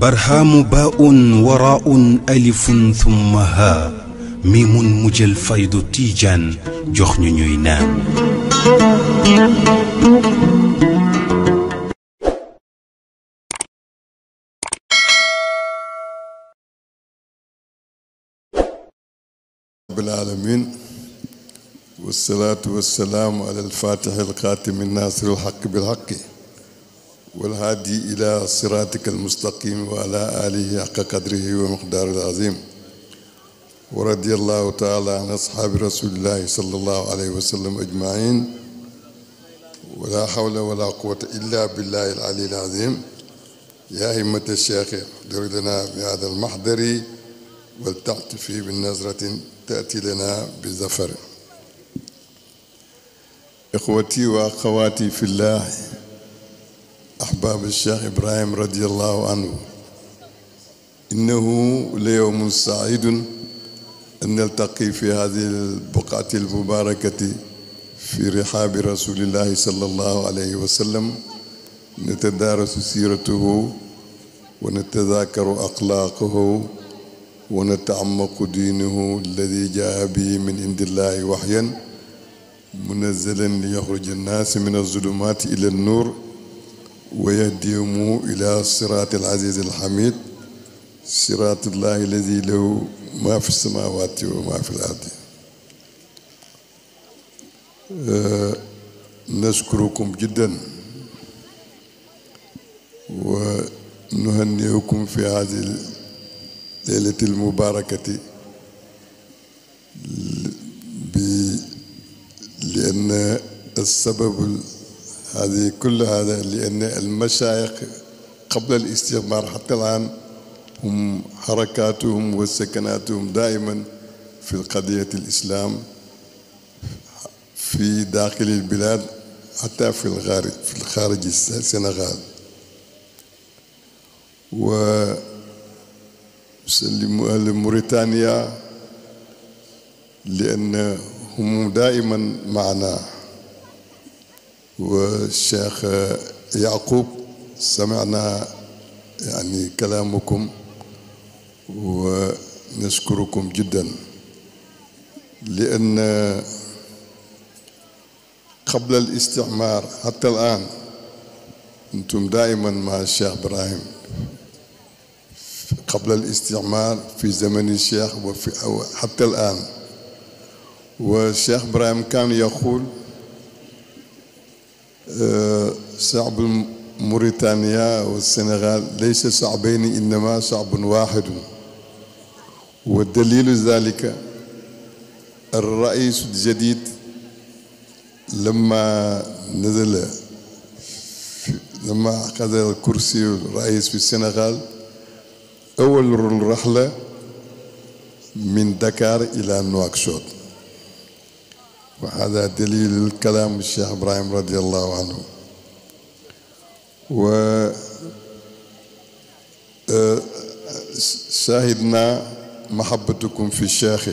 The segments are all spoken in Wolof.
برهام باء وراء ألف ثم ها ميم مجل فيض تيجان جخن نينام رب العالمين والصلاة والسلام على الفاتح القاتم الناصر الحق بالحق والهادي إلى صراطك المستقيم وعلى آله حق قدره ومقداره العظيم ورضي الله تعالى عن أصحاب رسول الله صلى الله عليه وسلم أجمعين ولا حول ولا قوة إلا بالله العلي العظيم يا همة الشيخ دردنا لنا بهذا المحضر ولتعطفي بالنظرة تأتي لنا بزفر إخوتي وأخواتي في الله أحباب الشيخ إبراهيم رضي الله عنه إنه ليوم سعيد أن نلتقي في هذه البقعة المباركة في رحاب رسول الله صلى الله عليه وسلم نتدارس سيرته ونتذاكر أخلاقه ونتعمق دينه الذي جاء به من عند الله وحيا منزلا ليخرج الناس من الظلمات إلى النور ويهديهم إلى صراط العزيز الحميد صراط الله الذي له ما في السماوات وما في الأرض آه، نشكركم جدا ونهنئكم في هذه الليلة المباركة لأن السبب هذه كل هذا لأن المشايخ قبل الاستعمار حتى الآن هم حركاتهم وسكناتهم دائما في قضية الإسلام في داخل البلاد حتى في الخارج في الخارج السنغال و لموريتانيا لأن هم دائما معنا والشيخ يعقوب سمعنا يعني كلامكم ونشكركم جدا لأن قبل الاستعمار حتى الآن أنتم دائما مع الشيخ إبراهيم قبل الاستعمار في زمن الشيخ وفي حتى الآن والشيخ إبراهيم كان يقول شعب موريتانيا والسنغال ليس شعبين إنما شعب واحد والدليل ذلك الرئيس الجديد لما نزل لما أخذ الكرسي الرئيس في السنغال أول رحلة من دكار إلى نواكشوط وهذا دليل الكلام الشيخ إبراهيم رضي الله عنه و آه، شاهدنا محبتكم في الشيخ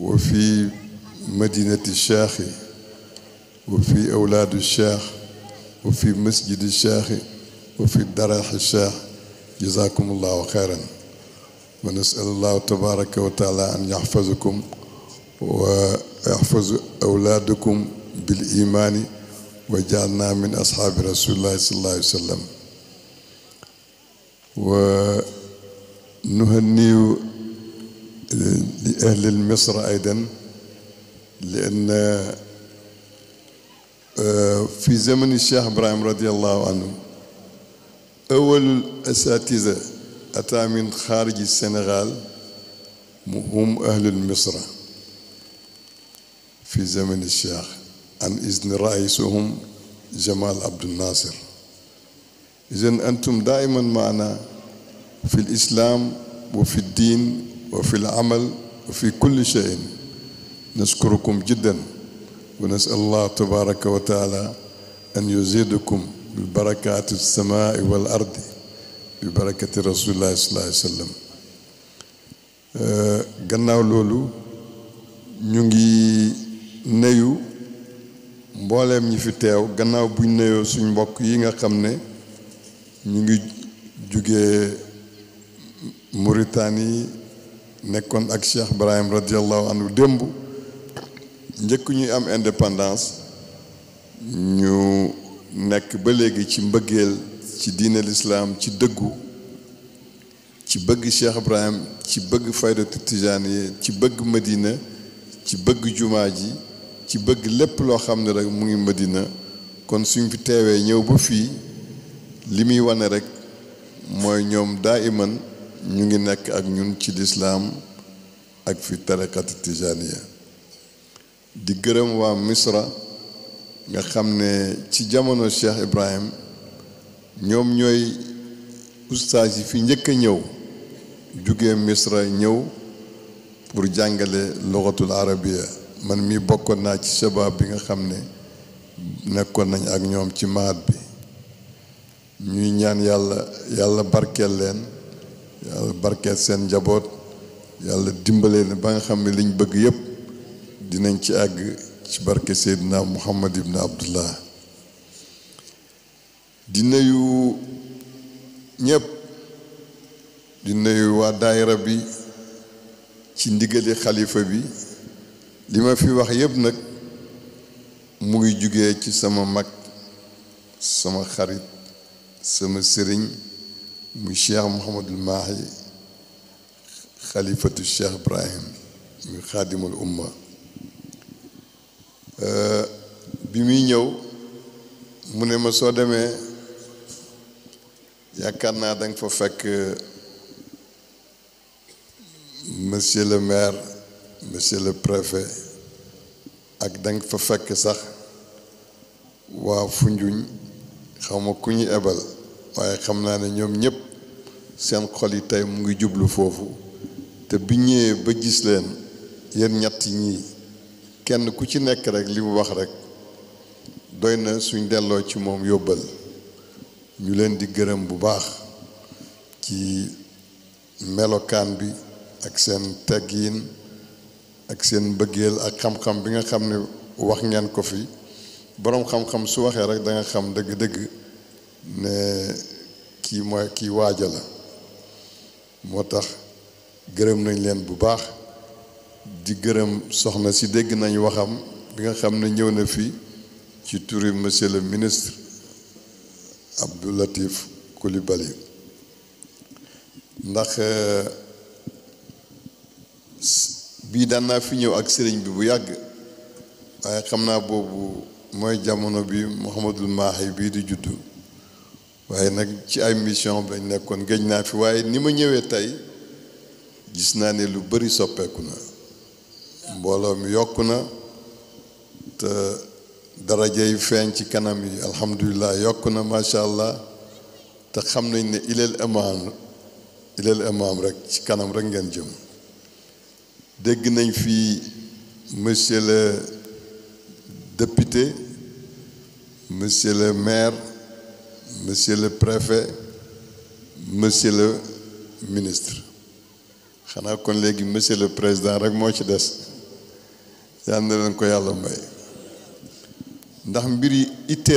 وفي مدينة الشيخ وفي أولاد الشيخ وفي مسجد الشيخ وفي درح الشيخ جزاكم الله خيرا ونسأل الله تبارك وتعالى أن يحفظكم واحفظوا أولادكم بالإيمان وجعلنا من أصحاب رسول الله صلى الله عليه وسلم ونهني لأهل مصر أيضا لأن آه، في زمن الشيخ إبراهيم رضي الله عنه أول أساتذة أتى من خارج السنغال هم أهل مصر في زمن الشيخ عن إذن رئيسهم جمال عبد الناصر إذن أنتم دائما معنا في الإسلام وفي الدين وفي العمل وفي كل شيء نشكركم جدا ونسأل الله تبارك وتعالى أن يزيدكم بالبركات السماء والأرض ببركة رسول الله صلى الله عليه وسلم قلنا أه، loolu ñu nuyu mbooleem ñi fi teew gannaaw buñ nuyoo suñ mbokk yi nga xam ne ñu ngi jugee Mauritanie nekkoon ak Cheikh Ibrahim radiallahu anhu démb njëkk ñuy am indépendance ñu nekk ba léegi ci mbëggeel ci diine lislaam ci dëggu ci bëgg Cheikh Ibrahim ci bëgg faydatu tijaani ci bëgg Medina ci bëgg jumaa ji ci bëgg lépp loo xam ne rek mu ngi Madina kon suñ fi teewee ñëw ba fii li muy wane rek mooy ñoom daa iman ñu ngi nekk ak ñun ci lislaam ak fi tarikati tijaniya di gërëm waa misra nga xam ne ci jamono Cheikh Ibrahim ñoom ñooy ustaas yi fi njëkk a ñëw jugee misra ñëw pour jàngale luxatul arabiya man mi bokkoon naa ci sabab bi nga xam ne nekkoon nañ ak ñoom ci maat bi ñuy ñaan yàlla yàlla barkeel leen yàlla barkeel seen njaboot yàlla dimbale leen ba nga xam ne liñ bëgg yépp dinañ ci àgg ci barke Seydina Muhammad ibn Abdullah di nuyu ñépp di nuyu waa daayira bi ci ndigali xalifa bi li ma fi wax yépp nag mu ngi jugee ci sama mag sama xarit sama sëriñ mu cheikh Mouhamadul Mahi xalifatu cheikh Ibrahim mu xaadimul umma bi muy ñëw mu ne ma soo demee yaakaar naa danga fa fekk monsieur le maire monsieur le préfet ak da fa fekk sax waa Foundiougne xaw ku ñu ebal waaye xam naa ne ñoom ñëpp seen xol yi tey mu ngi jublu foofu te bi ñëwee ba gis leen yéen ñett ñi kenn ku ci nekk rek li mu wax rek doy na suñ delloo ci moom yóbbal ñu leen di gërëm bu baax ci melokaan bi ak seen teggiin ak seen mbëggeel ak xam-xam bi nga xam ne wax ngeen ko fi boroom xam-xam su waxee rek da xam dëgg-dëgg ne kii mooy kii waaja la moo tax gërëm nañ leen bu baax di gërëm soxna si dégg nañ waxam bi nga xam ne ñëw na fi ci turi monsieur le ministre Abdou Latif Coulibaly ndax euh, bii daan naa fi ñëw ak sëriñ bi bu yàgg waaye xam naa boobu mooy jamono bi Mouhamadul Mahi bii di juddu waaye nag ci ay mission lañ nekkoon géej naa fi waaye ni ma ñëwee tey gis naa ne lu bari soppeeku na mbooloo mi yokk na te daraja yi feeñ ci kanam yi alhamdulillah yokk na macha allah te xam nañ ne ileel imaam ileel imaam rek ci kanam rek ngeen jëm. dégg nañ monsieur le député monsieur le maire monsieur le préfet monsieur le ministre xanaa kon monsieur le président rek moo ci des ko ndax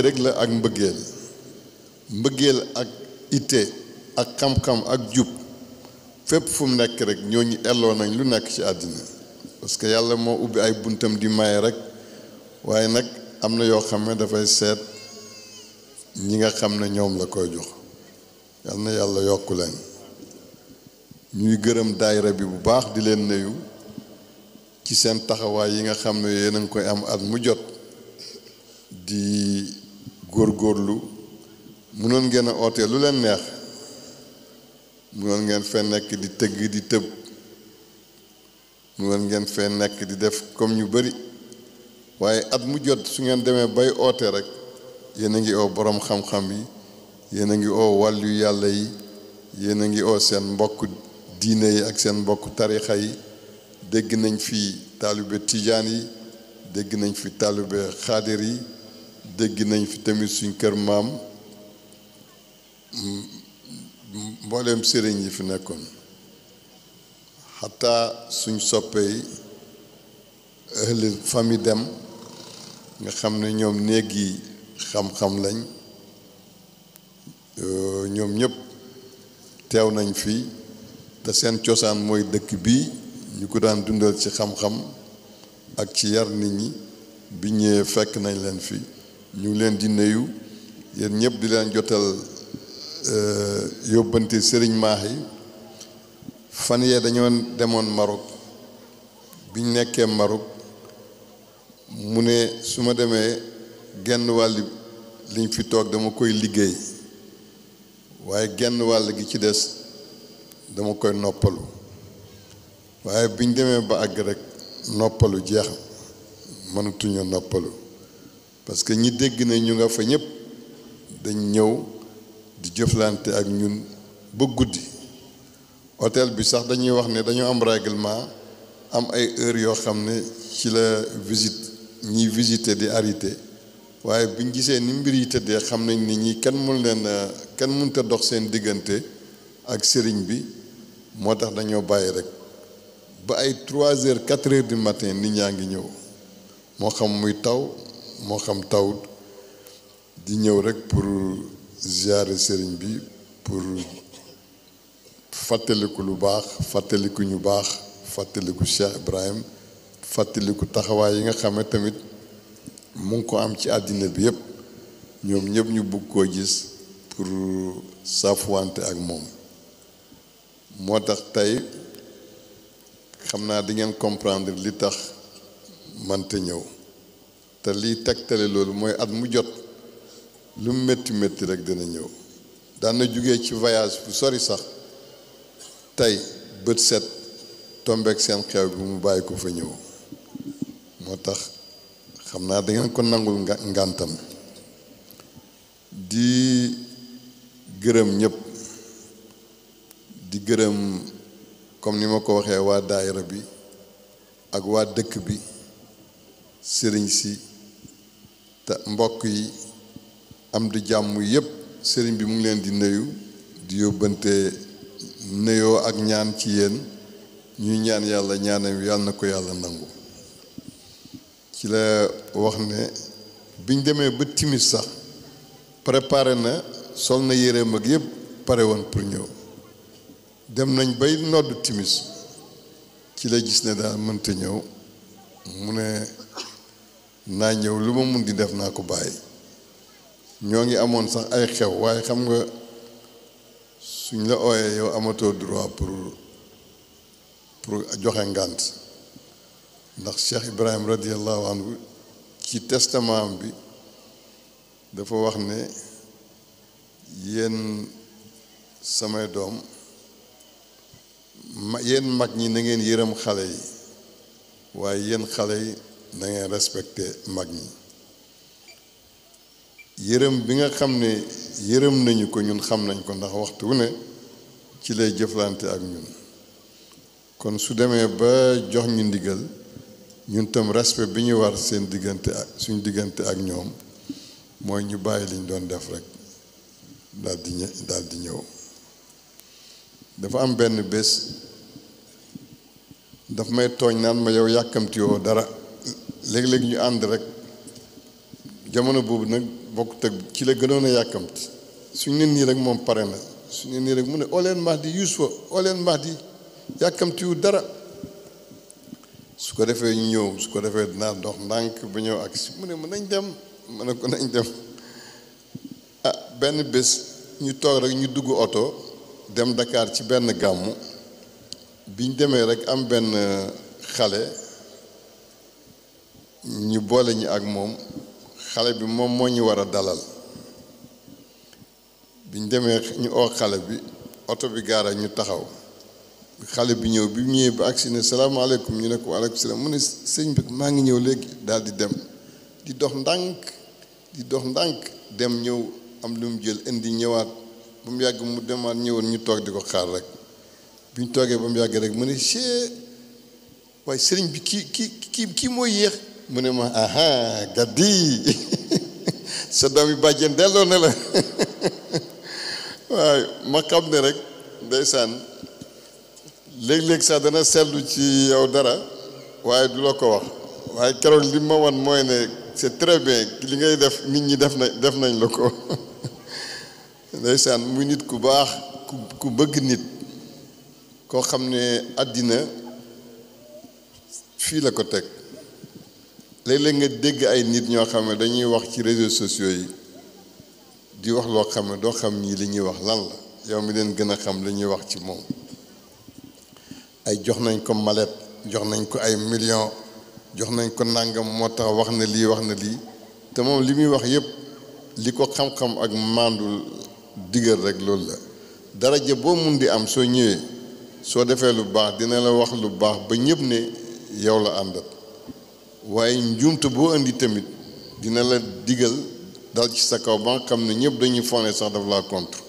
rek la ak fépp fu mu nekk rek ñooñu elloo nañ lu nekk ci àddina parce que yàlla moo ubbi ay buntam di maye rek waaye nag am na yoo xam ne dafay seet ñi nga xam ne ñoom la koy jox yal na yàlla yokk leen ñuy gërëm daayira bi bu baax di leen nuyu ci seen taxawaay yi nga xam ne yéen a koy am at mu jot di góor góorgóorlu mënoon ngeen a ootee lu leen neex mënoon ngeen fee nekk di tëgg di tëb mu ngeen fee nekk di def comme ñu bari waaye at mu jot su ngeen demee bay ootee rek yéen a ngi oo boroom xam-xam yi yéen a ngi oo wàllu yàlla yi yéen a ngi oo seen mbokk diine yi ak seen mbokk tarixa yi dégg nañ fi taalibe tijaan yi dégg nañ fi taalibe xaadir yi dégg nañ fi tamit suñ kër maam mbooleem sëriñ yi fi nekkoon xataa suñ soppee yi ëhli fami dem nga xam ne ñoom néeg yi xam-xam lañ ñoom ñëpp teew nañ fi te seen cosaan mooy dëkk bii ñu ko daan dundal ci xam-xam ak ci yar nit ñi bi ñëwee fekk nañ leen fi ñu ngi leen di nuyu yéen ñëpp di leen jotal Euh, yóbbante sëriñ Maahi fan yee dañoo demoon Maroc biñ nekkee Maroc mu ne su ma demee genn wàll liñ fi toog dama koy liggéey waaye genn wàll gi ci des dama koy noppalu waaye biñ demee ba àgg rek noppalu jeex mënatuñu noppalu parce que ñi dégg ne ñu nga fa ñépp dañ ñëw di jëflante ak ñun ba guddi hôtel bi sax dañuy wax ne dañu am règlement am ay heure yoo xam ne ci la visite ñiy visiter di arrêté waaye biñ gisee ni mbir yi tëddee xam nañ ni ñi kenn mun leen kenn munta dox seen diggante ak sëriñ bi moo tax dañoo bàyyi rek ba ay 3 heures 4 heures du matin nit ñaa ngi ñëw moo xam muy taw moo xam tawut di ñëw rek pour ziare serigne bi pour fàttaliku lu baax ñu Cheikh Ibrahim fàttaliku taxawaay yi nga xamé tamit mu ko am ci àddina bi yépp ñom ñëpp ñu ko gis pour saafuwante ak mom motax tay xamna comprendre li tax mante ñew te li tegtale moy at mu jot lu métti métti rek dina ñëw daan na jugee ci voyage bu sori sax tey bët set tombeek seen xew bi mu bàyyi ko fa ñëw moo tax xam naa dangeen ko nangul ngàntam di gërëm ñépp di gërëm comme ni ma ko waxee waa daayira bi ak waa dëkk bi sëriñ si te mbokk yi am di jàmm yépp sëriñ bi mu ngi leen di nuyu di yóbbante nuyoo ak ñaan ci yéen ñuy ñaan yàlla ñaanam yàlla na ko yàlla nangu ci la wax ne biñ demee ba timis sax préparé na sol na yéreem mag yépp pare woon pour ñëw dem nañ bay nodd timis ci la gis ne daal mënta ñëw mu ne naa ñëw lu ma mun di def naa ko bàyyi ñoo ngi amoon sax ay xew waaye xam nga suñ la ooyee yow amatoo droit pour pour joxe ngànt ndax Cheikh Ibrahim radiallahu anhu ci testament bi dafa wax ne yéen samay doom ma yéen mag ñi na ngeen yërëm xale yi waaye yéen xale yi na ngeen respecté mag ñi yërëm bi nga xam ne yërëm nañu ko ñun xam nañ ko ndax waxtu wu ne ci lay jëflante ak ñun kon su demee ba jox ñu ndiggal ñun tam respect bi ñu war seen diggante ak suñ diggante ak ñoom mooy ñu bàyyi liñ doon def rek daal di ñë ñëw dafa am benn bés daf may tooñ naan ma yow yàkkamtiwoo dara léeg léegi ñu ànd rek jamono boobu nag bokk teg ci la gënoon a yàkkamti suñ ne nii rek moom pare na suñ ne nii rek mu ne ooleen oh, Mahdi Yuusufa ooleen oh, Mahdi yàkkamtiwu dara su ko defee ñu ñëw su ko defee dinaa dox ndànk ba ñëw ak si mu ne mën nañ dem ma ne ko nañ dem ah, benn bés ñu toog rek ñu dugg oto dem ndakaar ci benn gàmmu biñ demee rek am benn xale ñu boole ñi ak moom xale bi moom moo ñu war a dalal biñ demee ñu oo xale bi oto bi gaara ñu taxaw xale bi ñëw bi ñëwee ba agsi ne salaamaaleykum ñu ne ko waaleykum salaam mu ne sëñ bi maa ngi ñëw léegi daal dem di dox ndànk di dox ndànk dem ñëw am lu mu jël indi ñëwaat ba mu yàgg mu demaat ñëwoon ñu toog di ko xaar rek bi ñu toogee ba mu yàgg rek mu ne chee waaye sëriñ bi kii kii kii mooy yéex mu ne ma aha gaddi sa doom yi bàjjen delloo na la waaye ma xam ne rek ndeysaan léeg-léeg sax dana seetlu ci yow dara waaye du la ko wax waaye keroog li ma wan mooy ne c'est très bien li ngay def nit ñi def na def nañ la ko ndeysaan muy nit ku baax ku ku bëgg nit koo xam ne àddina fii la ko teg léeg-léeg nga dégg ay nit ñoo xam ne dañuy wax ci réseaux sociaux yi di wax loo xam ne doo xam ñii li ñuy wax lan la yow mi leen gën a xam li ñuy wax ci moom ay jox nañ ko malet jox nañ ko ay millions jox nañ ko nàngam moo tax wax na lii wax na lii te moom li muy wax yépp li ko xam-xam ak màndul digal rek loolu la daraja boo mun di am soo ñëwee soo defee lu baax dina la wax lu baax ba ñëpp ne yow la àndat waaye njuumte boo indi tamit dina la digal dal ci sa kaw ba nga xam ne ñëpp dañuy fone sax daf laa contre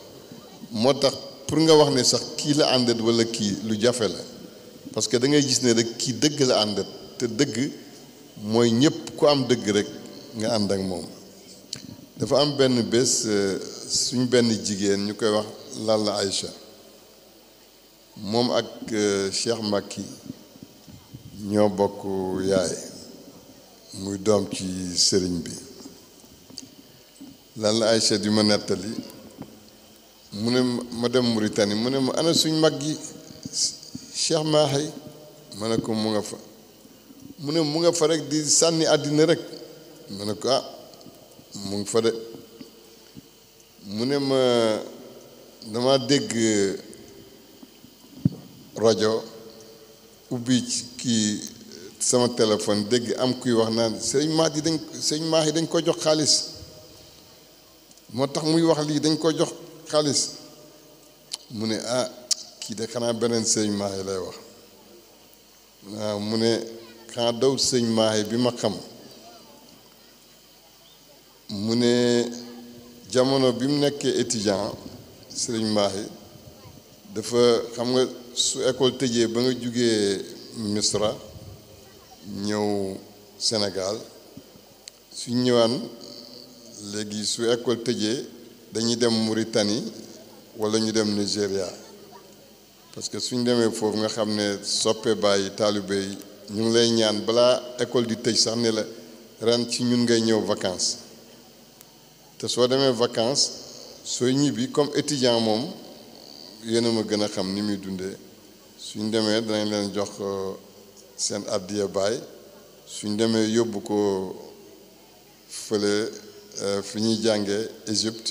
moo tax pour nga wax ne sax kii la àndat walla kii lu jafe la parce que da ngay gis ne rek kii dëgg la àndat te dëgg mooy ñëpp ku am dëgg rek nga ànd ak moom dafa am benn bés euh, suñ benn jigéen ñu koy wax Lalla Aïcha moom ak euh, Cheikh Makki ñoo bokk yaay muy doom ci sëriñ bi lan la Aïcha yu ma nettali mu ne ma dem Mauritanie mu ne ma ana suñ mag yi Cheikh Mahi ma ne ko mu nga fa mu ne mu nga fa rek di sànni àddina rek ma ne ko ah mu ngi fa de mu ne ma dama dégg rajo ubbi ci sama téléphone dégg am kuy wax naan sëñ maat yi dañ sëñ maat yi dañ ko jox xaalis moo tax muy wax lii dañ ko jox xaalis mu ne ah kii de xanaa beneen sëñ maat yi lay wax waaw mu ne xanaa daw sëñ maat yi bi ma xam mu ne jamono bi mu nekkee étudiant sëriñ yi dafa xam nga su école tëjee ba nga jugee Misra ñëw Sénégal suñ ñëwaan léegi su école tëjee dañuy dem Mauritanie wala ñu dem Nigéria parce que suñ demee foofu nga xam ne soppe bàyyi taalibe ñu ngi lay ñaan balaa école di tëj sax ne la ren ci ñun ngay ñëw vacances te soo demee vacance sooy ñibbi comme étudiant moom yéen a ma gën a xam ni muy dundee suñ demee danañ leen jox. Euh, seen addiya baay suñ demee yóbbu ko fële euh, fi ñuy jànge Égypte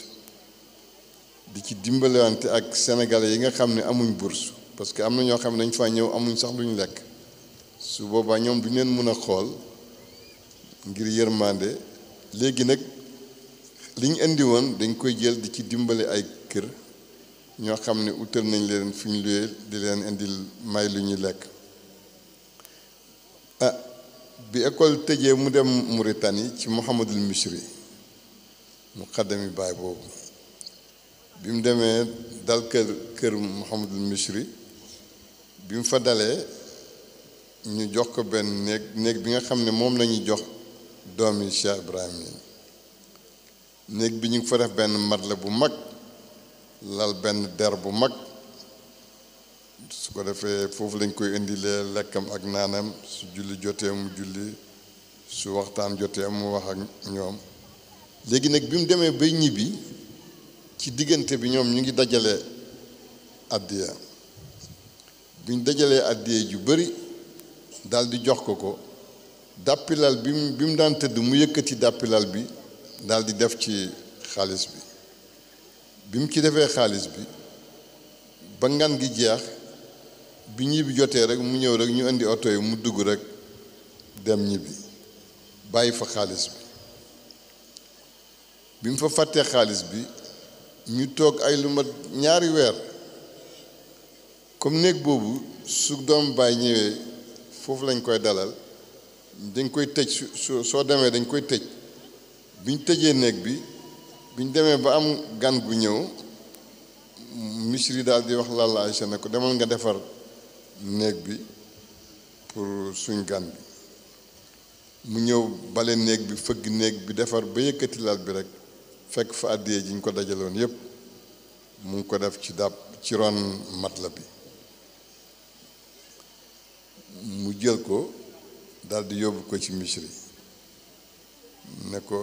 di ci dimbalante ak sénégalais yi nga xam ne amuñ bourse parce que am na ñoo xam ne dañ fa ñëw amuñ sax ñu lekk su boobaa ñoom du leen mën a xool ngir yërmande léegi nag liñ indi woon dañ koy jël di ci dimbali ay kër ñoo xam ne utal nañ leen fi ñu luye di leen indi may lu ñuy lekk ah bi école tëjee mu dem Mauritanie ci Mouhamadul Misri mu xaddami baay boobu bi mu demee dal kër kër Mouhamadul Misri bi mu fa dalee ñu jox ko benn néeg néeg bi nga xam ne moom lañuy jox doomi Cheikh Ibrahim yi néeg bi ñu ngi fa def benn mat la bu mag lal benn der bu mag su ko defee foofu lañ koy indilee lekkam ak naanam su julli jotee mu julli su waxtaan jotee mu wax ak ñoom léegi nag bi mu demee bay ñibbi ci diggante bi ñoom ñu ngi dajale addiya buñ dajalee addiya ju bari daldi jox ko ko dàppilal bi mu bi mu daan tëdd mu yëkkati dàppilal bi daldi def ci xaalis bi bi mu ci defee xaalis bi ba ngan gi jeex bi ñibbi jotee rek mu ñëw rek ñu indi oto yi mu dugg rek dem ñibbi bàyyi fa xaalis bi bi mu fa fàttee xaalis bi ñu toog ay lu mat ñaari weer comme néeg boobu su doom baay ñëwee foofu lañ koy dalal dañ koy tëj soo demee dañ koy tëj biñ tëjee néeg bi biñ demee ba am gan bu ñëw misri daal di wax lalla Aysa ne ko demal nga defar néeg bi pour suñ gan bi mu ñëw bale néeg bi fëgg néeg bi defar ba yëkkati lal bi rek fekk fa àddiyee ji ñu ko dajaloon yépp mu ngi ko def ci dàpp ci ron matla bi mu jël ko daldi yóbbu ko ci misri ne ko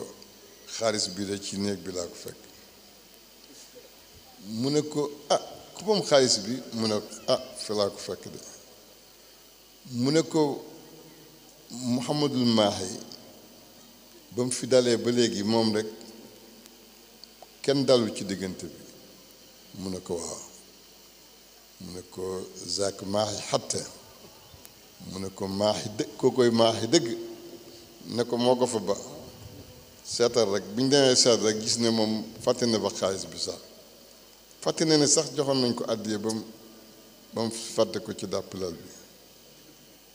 xaalis bi de ci néeg bi laa ko fekk mu ne ko ah ku moom bi mu ne ah fi ko fekk de mu ne ko Mouhamadul Mahi ba mu fi dalee ba léegi moom rek kenn dalul ci diggante bi mu ne ko waaw mu ne ko zak maaxi xatte mu ne ko maaxi dëgg koo koy maaxi dëgg ne ko moo ko fa ba seetal rek bi ñu demee seet rek gis ne moom fàtte ne ba xaalis bi sax fàtte na ni sax joxoon nañ ko àddiya ba mu ba mu fàtte ko ci dàppalal bi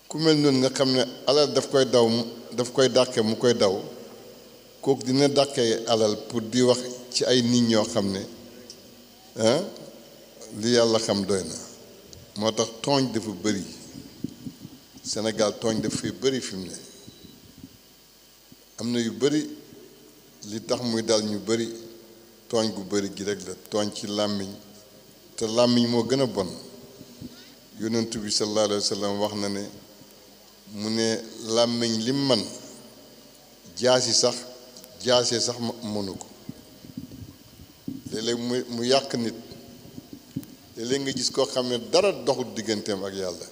ku mel noonu nga xam ne alal daf koy daw daf koy dàqe mu koy daw kooku dina dàqee alal pour di wax ci ay nit ñoo xam ne li yàlla xam doy na moo tax tooñ dafa bari Sénégal tooñ dafa fi bari fim ne am na yu bari li tax muy dal ñu bari tooñ gu bari gi rek la tooñ ci làmmiñ te làmmiñ moo gën a bon yonentu bi sallallahu alayhi wa wax na ne mu ne làmmiñ li man jaasi sax jaase sax mënu ko léeg-léeg mu mu yàq nit léeg nga gis koo xam ne dara doxul digganteem ak yàlla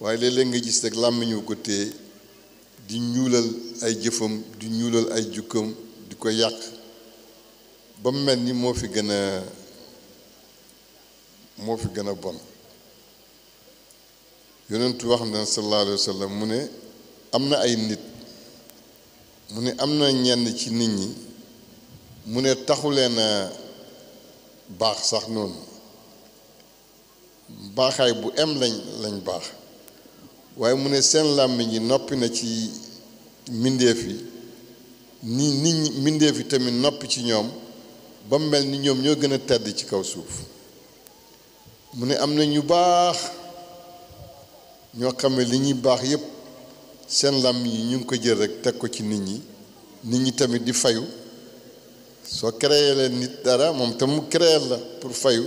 waaye léeg nga gis rek làmmiñ wu ko téye di ñuulal ay jëfam di ñuulal ay jukkam di ko yàq ba mu mel ni moo fi gën a moo fi gën a bon yonentu wax na sallallahu alayhi wa mu ne am na ay nit mu ne am na ñenn ci nit ñi mu ne taxu leen a baax sax noonu baaxaay bu em lañ lañ baax waaye mu ne seen làmmiñ yi noppi na ci mbindeef yi ni nit ñi mbindeef yi tamit noppi ci ñoom ba mel ni ñoom ñoo gën a tedd ci kaw suuf mu ne am na ñu baax ñoo xam ne li ñuy baax yépp seen lam yi ñu ngi ko jël rek teg ko ci nit ñi nit ñi tamit di fayu soo créé leen nit dara moom tam mu créé la pour fayu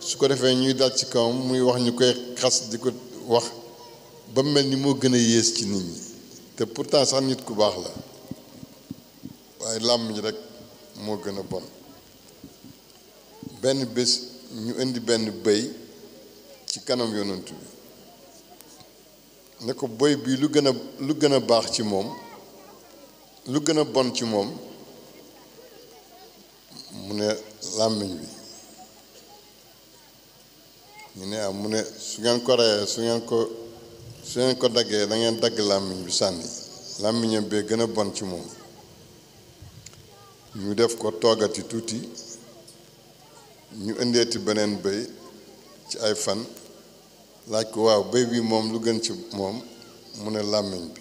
su ko defee ñuy dal ci kawam muy wax ñu koy xas di ko wax ba mel ni moo gën a yées ci nit ñi te pourtant sax nit ku baax la waaye làmm ji rek moo gën a bon benn bés ñu indi benn bëy ci kanam yonent bi ne ko bëy bi lu gën a lu gën a baax ci moom lu gën a bon ci moom mu ne làmmiñ bi ñu ne am ah, mu ne su ngeen ko reyee su ngeen ko su ngeen ko daggee da ngeen dagg làmmiñ bi sànni làmmiñam bee gën a bon ci moom ñu def ko toogati tuuti ñu indeeti beneen bëy ci ay fan laaj ko waaw bëy bi moom lu gën ci moom mu ne làmmiñ bi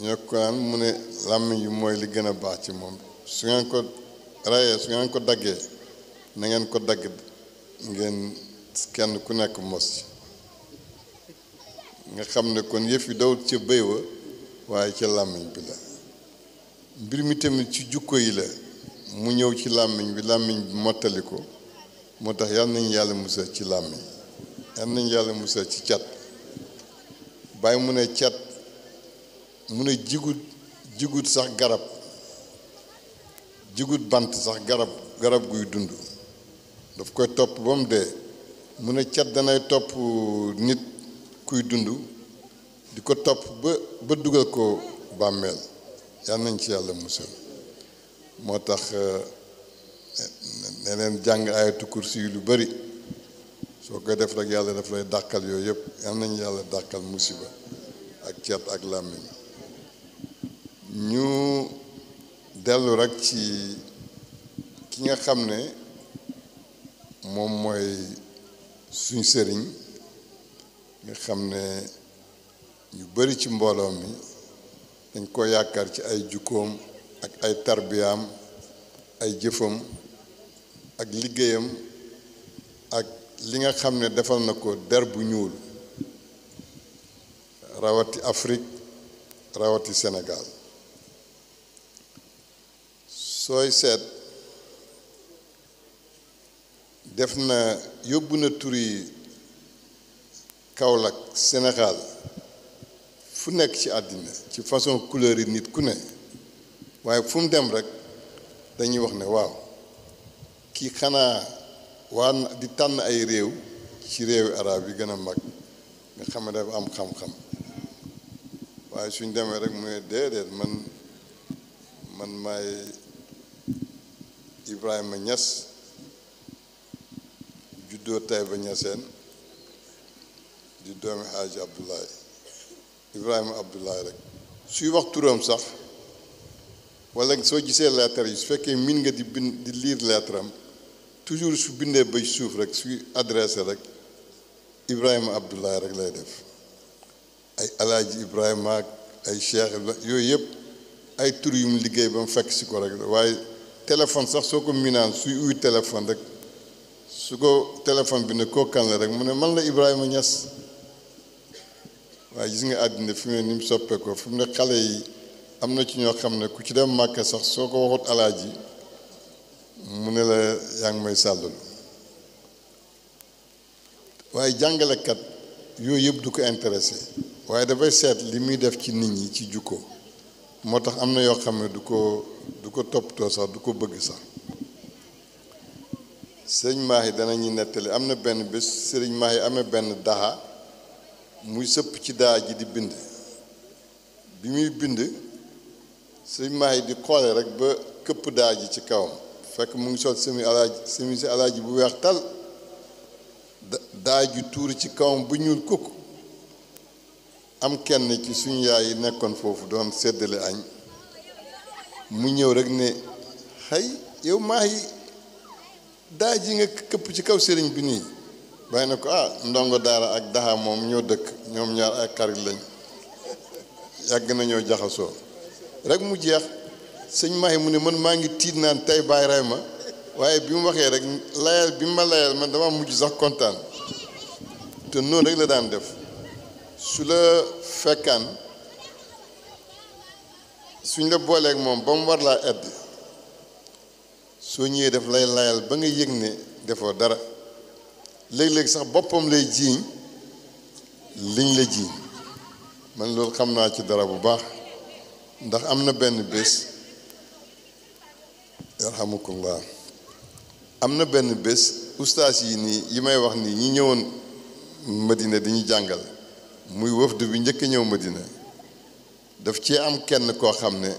ñu naan mu ne làmmiñ bi mooy li gën a baax ci moom su ngeen ko rayee su ngeen ko daggee na ngeen ko dagg ngeen kenn ku nekk mos nga xam ne kon yëf yi dawul ca bëy wa waaye ca làmmiñ bi la mbir mi tamit ci jukko yi la mu ñëw ci làmmiñ bi làmmiñ bi mottali ko moo tax yal nañu yàlla musal ci làmmiñ yal nañu yàlla musal ci cat bàyyi mu ne cat mu ne jigut jigut sax garab jigut bant sax garab garab guy dund daf koy topp ba mu dee mu ne cat danay topp nit kuy dund di ko topp ba ba dugal ko bàmmeel yal nañ ci yàlla musal moo tax euh, ne leen jàng ayatu kursi yu lu bari soo koy def rek yàlla daf lay dàqal yooyu yëpp yal nañu yàlla dàqal musiba ak cet ak làmmiñ ñu dellu rek ci ki nga xam ne moom mooy suñ sëriñ nga xam ne ñu bëri ci mbooloo mi dañ ko yaakaar ci ay jukkoom ak ay tarbiyaam ay jëfam ak liggéeyam ak li nga xam ne defal na ko der bu ñuul rawati Afrique rawati Sénégal sooy seet def na yóbbu na turi kawlag Kaolack Sénégal fu nekk ci àddina ci façon couleur yi nit ku ne waaye fu mu dem rek dañuy wax ne waaw kii xanaa waa di tànn ay réew ci réewi arab yi gën a mag nga xam ne dafa am xam-xam waaye suñ demee rek mu ne déedéet man man maay Ibrahima Ñas juddoo Tayba Ñaseen di doomi Xaaji Abdoulaye Ibrahima Abdoulaye rek suy wax turam sax wala soo gisee lettre yi su fekkee min nga di bind di liir lettre toujours su bindee bay suuf rek suy adressé rek Ibrahima Abdoulaye rek lay def ay alaaji Ibrahima ak ay cheikh yooyu yëpp ay tur yu mu liggéey ba mu fekk si ko rek waaye téléphone sax soo ko minaan suy uy téléphone rek su ko téléphone bi ne koo la rek mu ne man la Ibrahima Niass waaye gis nga àddina fi mu ne ni mu soppee ko fi mu ne xale yi am na ci ñoo xam ne ku ci dem màkka sax soo ko waxut alaaji mu ne la yaa ngi may sàllalu waaye jàngalekat yooyu yëpp du ko intéressé waaye dafay seet li muy def ci nit ñi ci jukko moo tax am na yoo xam ne du ko du ko toppatoo sax du ko bëgg sax sëriñ maax yi danañu nettali am na benn bés sëriñ maax yi amee muy sëpp ci daa di bind bi muy bind suñ maay di xoole rek ba këpp daa ji ci kawam fekk mu ngi sol semi alaaji semi si alaaji bu weex tal daa ju tuur ci kawam bu ñuul kukk am kenn ci suñu yaay yi nekkoon foofu doon séddale añ mu ñëw rekk ne xëy yow maa yi daa ji nga këpp ci kaw sëriñ bi nii bàyyi na ko ah ndongo daara ak daxa moom ñoo dëkk ñoom ñaar ay xarit lañ yàgg nañoo jaxasoo rek mu jeex sëñ Mahi mu ne mën maa ngi tiit naan tey baay ray ma waaye bi mu waxee rek layal bi ma layal man dama mujj sax kontaan te noonu rek la daan def su la fekkaan suñ la booleek moom ba mu war laa edd soo ñëwee def lay layal ba nga yëg ne defoo dara léeg-léeg sax boppam lay jiiñ liñ la jiiñ man loolu xam naa ci dara bu baax ndax am na benn bés yarhamukullah am na benn bés ustaas yi nii yi may wax nii ñi ñëwoon Madina di jàngal muy wëfdu bi njëkk ñëw Madina daf ci am kenn koo xam ne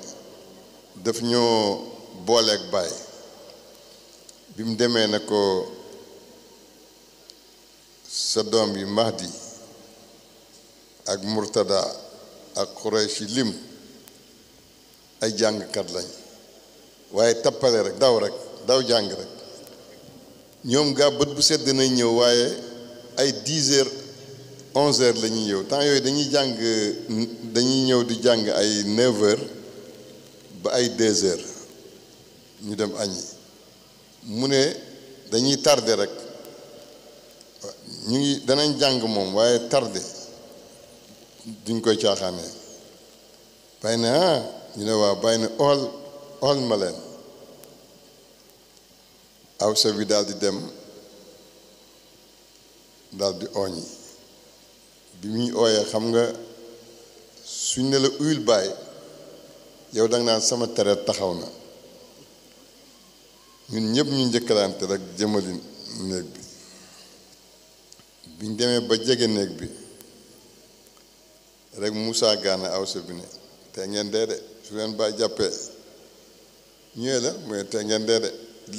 daf ñoo booleeg baay bi mu demee na ko sa doom yi Mahdi ak Murtada ak Quraysh lim ay jàngkat lañ waaye tappale rek daw rek daw jàng rek ñoom gaa bu sedd nañ ñëw waaye ay dix heures onze heures lañuy ñuy ñëw temps yooyu dañuy jàng dañuy ñëw di jàng ay neuf ba ay deux heures ñu dem añi mu ne dañuy tardé rek ñu ngi danañ jàng moom waaye tardé duñ koy caaxaanee ñu ne waa bàyyi na ol ool ma leen awsa bi daal dem daal di ooñi bi muy ooyee xam nga suñ ne la uyul baay yow danga naan sama tereet taxaw na ñun ñëpp ñu njëkkalante rek jëmali néeg bi biñ demee ba jege néeg bi rek Moussa Gana awsa bi ne te ngeen dee de su leen baay jàppee ñëwee la mooy te ngeen dee de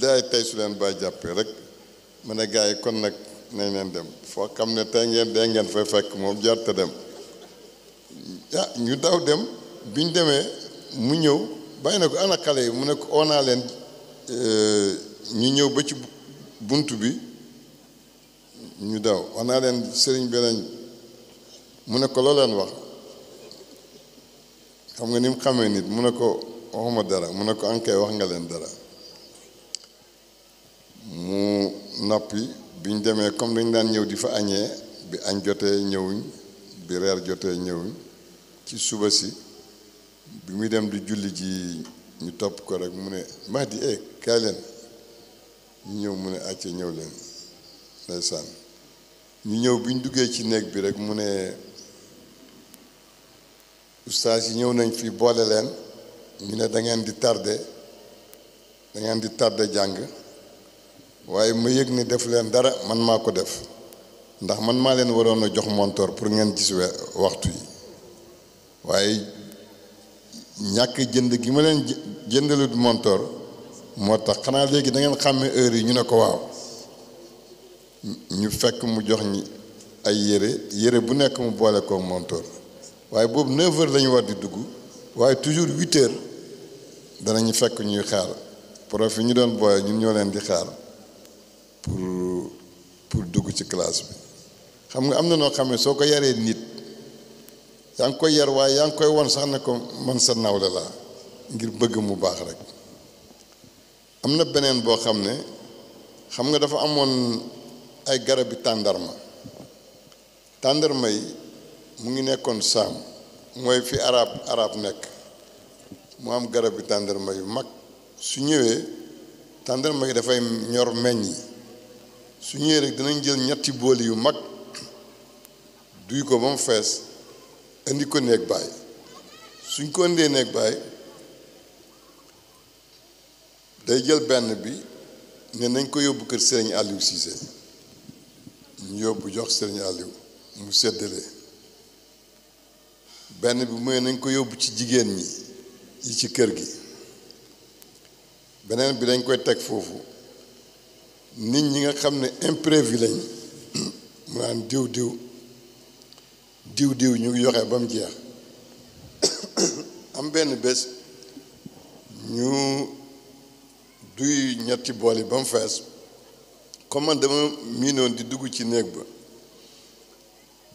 laay tey su rek ma e ne gars yi kon nag nañ leen dem foo xam ne tey ngeen dee ngeen fay fekk moom jarte dem ah ñu daw dem biñ demee mu ñëw bàyyi ko ana xale yi mu ne ko oo naa leen ñu eh, ñëw ba ci bunt bi ñu daw ona naa leen sëriñ beneen mu ne ko loo wax xam nga ni mu xamee nit mu ne ko waxuma dara mu ne ko ankay wax nga leen dara mu noppi biñ demee comme dañ daan ñëw di fa añee bi añ jotee ñëwuñ bi reer jotee ñëwuñ ci suba si bi muy dem di julli ji ñu topp ko rek mu ne Mahdi eh kaay leen ñu ñëw mu ne àcce ñëw leen ndeysaan ñu ñëw bi ñu duggee ci néeg bi rek mu ne oustaz yi ñëw nañ fii boole leen ñu ne da ngeen di tardé da ngeen di tardé jàng waaye ma yëg ni def leen dara man maa ko def ndax man maa leen waroon a jox montor pour ngeen gis waxtu yi waaye ñàkk jënd gi ma leen jëndalut montor moo tax xanaa léegi da ngeen heure yi ñu ne ko waaw ñu fekk mu jox ñi ay yére yére bu nekk mu boole ko montor waaye boobu 9 heures lañu war di dugg waaye toujours 8 heures ñu fekk ñuy xaar prof yi ñu doon booyee ñun ñoo leen di xaar pour pour dugg ci classe bi xam nga am na noo xam ne soo ko yaree nit yaa ngi koy yar waaye yaa ngi koy wan sax ne ko man sa nawle laa ngir bëgg mu baax rek am na beneen boo xam ne xam nga dafa amoon ay garab garabi tàndarma tàndarma yi mu ngi nekkoon saam mooy fi arab arab nekk mu am garab bi tàndarma yu mag su ñëwee tàndarma yi dafay ñor meññ yi su ñëwee rek dinañ jël ñetti bool yu mag duy ko ba mu fees indi ko néeg baay suñ ko indee néeg baay day jël benn bi ne nañ ko yóbbu kër Serigne Aliou Cissé ñu yóbbu jox Serigne Aliou mu séddale benn bi mooy nañ ko yóbbu ci jigéen ñi yi ci kër gi beneen bi dañ koy teg foofu nit ñi nga xam ne imprévu lañ mu naan diw diw diw diw ñu ngi yoxe ba mu jeex am benn bés ñu duy ñetti bool yi ba mu fees comme man dama miinoon di dugg ci néeg ba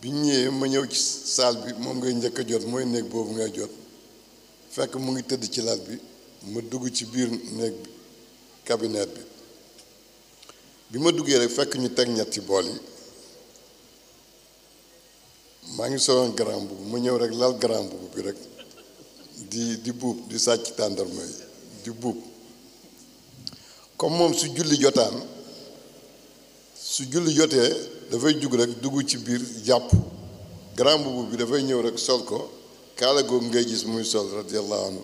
bi ñëwee ma ñëw ci salle bi moom ngay njëkk a jot mooy néeg boobu ngay jot fekk mu ngi tëdd ci lal bi ma dugg ci biir néeg bi cabinet bi bi ma duggee rek fekk ñu teg ñetti bool yi maa ngi soloon grand mbubb mu ñëw rek lal grand mbubb bi rek di di buub di sàcc tàndarma yi di buub comme moom su julli jotaan su julli jotee dafay jug rek dugg ci biir jàpp grand mbubu bi dafay ñëw rek sol ko kaala googu ngay gis muy sol radiallahu anhu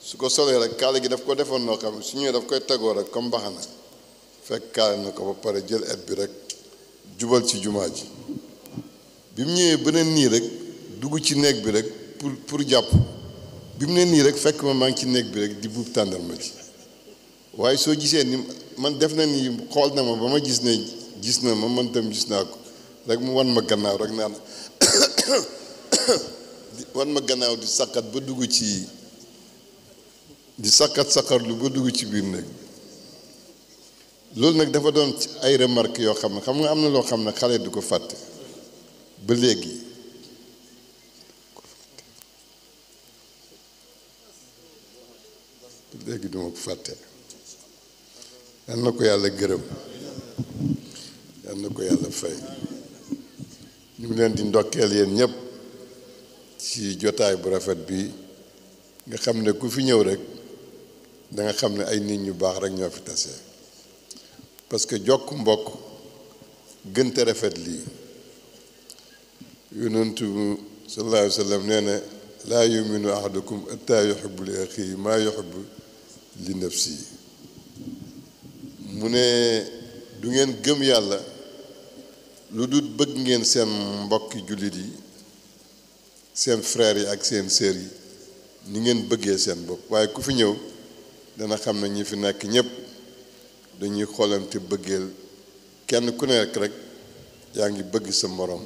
su ko solee rek kaala gi daf ko defoon noo xam su ñëwee daf koy tagoo rek comme mbaxana fekk kaala na ko ba pare jël et bi rek jubal ci jumaa ji bi mu ñëwee beneen nii rek dugg ci néeg bi rek pour pour jàpp bi mu ne nii rek fekk ma maa ngi ci néeg bi rek di buub tàndarma ji waaye soo gisee ni man def na nii xool na ma ba ma gis ne gis na ma man tam gis naa ko rek mu wan ma gannaaw rek naan wan ma gannaaw di sakkat ba dugg ci di sakkat sakkarlu ba dugg ci biir nag loolu nag dafa doon ay remarque yoo xam ne xam nga am na loo xam ne xale du ko fàtte ba léegi léegi duma ko fàtte yal na ko yàlla gërëm yal na ko yàlla fay ñu ngi leen di ndokkeel yéen ñëpp ci jotaay bu rafet bi nga xam ne ku fi ñëw rek da nga xam ne ay nit ñu baax rek ñoo fi tase parce que jokk mbokk gënte rafet lii yonentu sallallahu alayhi wa sallam nee na laa yuminu ahadukum atta yuhibbu li axihi maa yuhibbu li nafsi mu ne du ngeen gëm yàlla lu dul bëgg ngeen seen mbokk jullit yi seen frères yi ak seen sœurs yi ni ngeen bëggee seen bopp waaye ku fi ñëw dana xam ne ñu fi nekk ñépp dañuy xoolante bëggeel kenn ku nekk rek yaa ngi bëgg sa moroom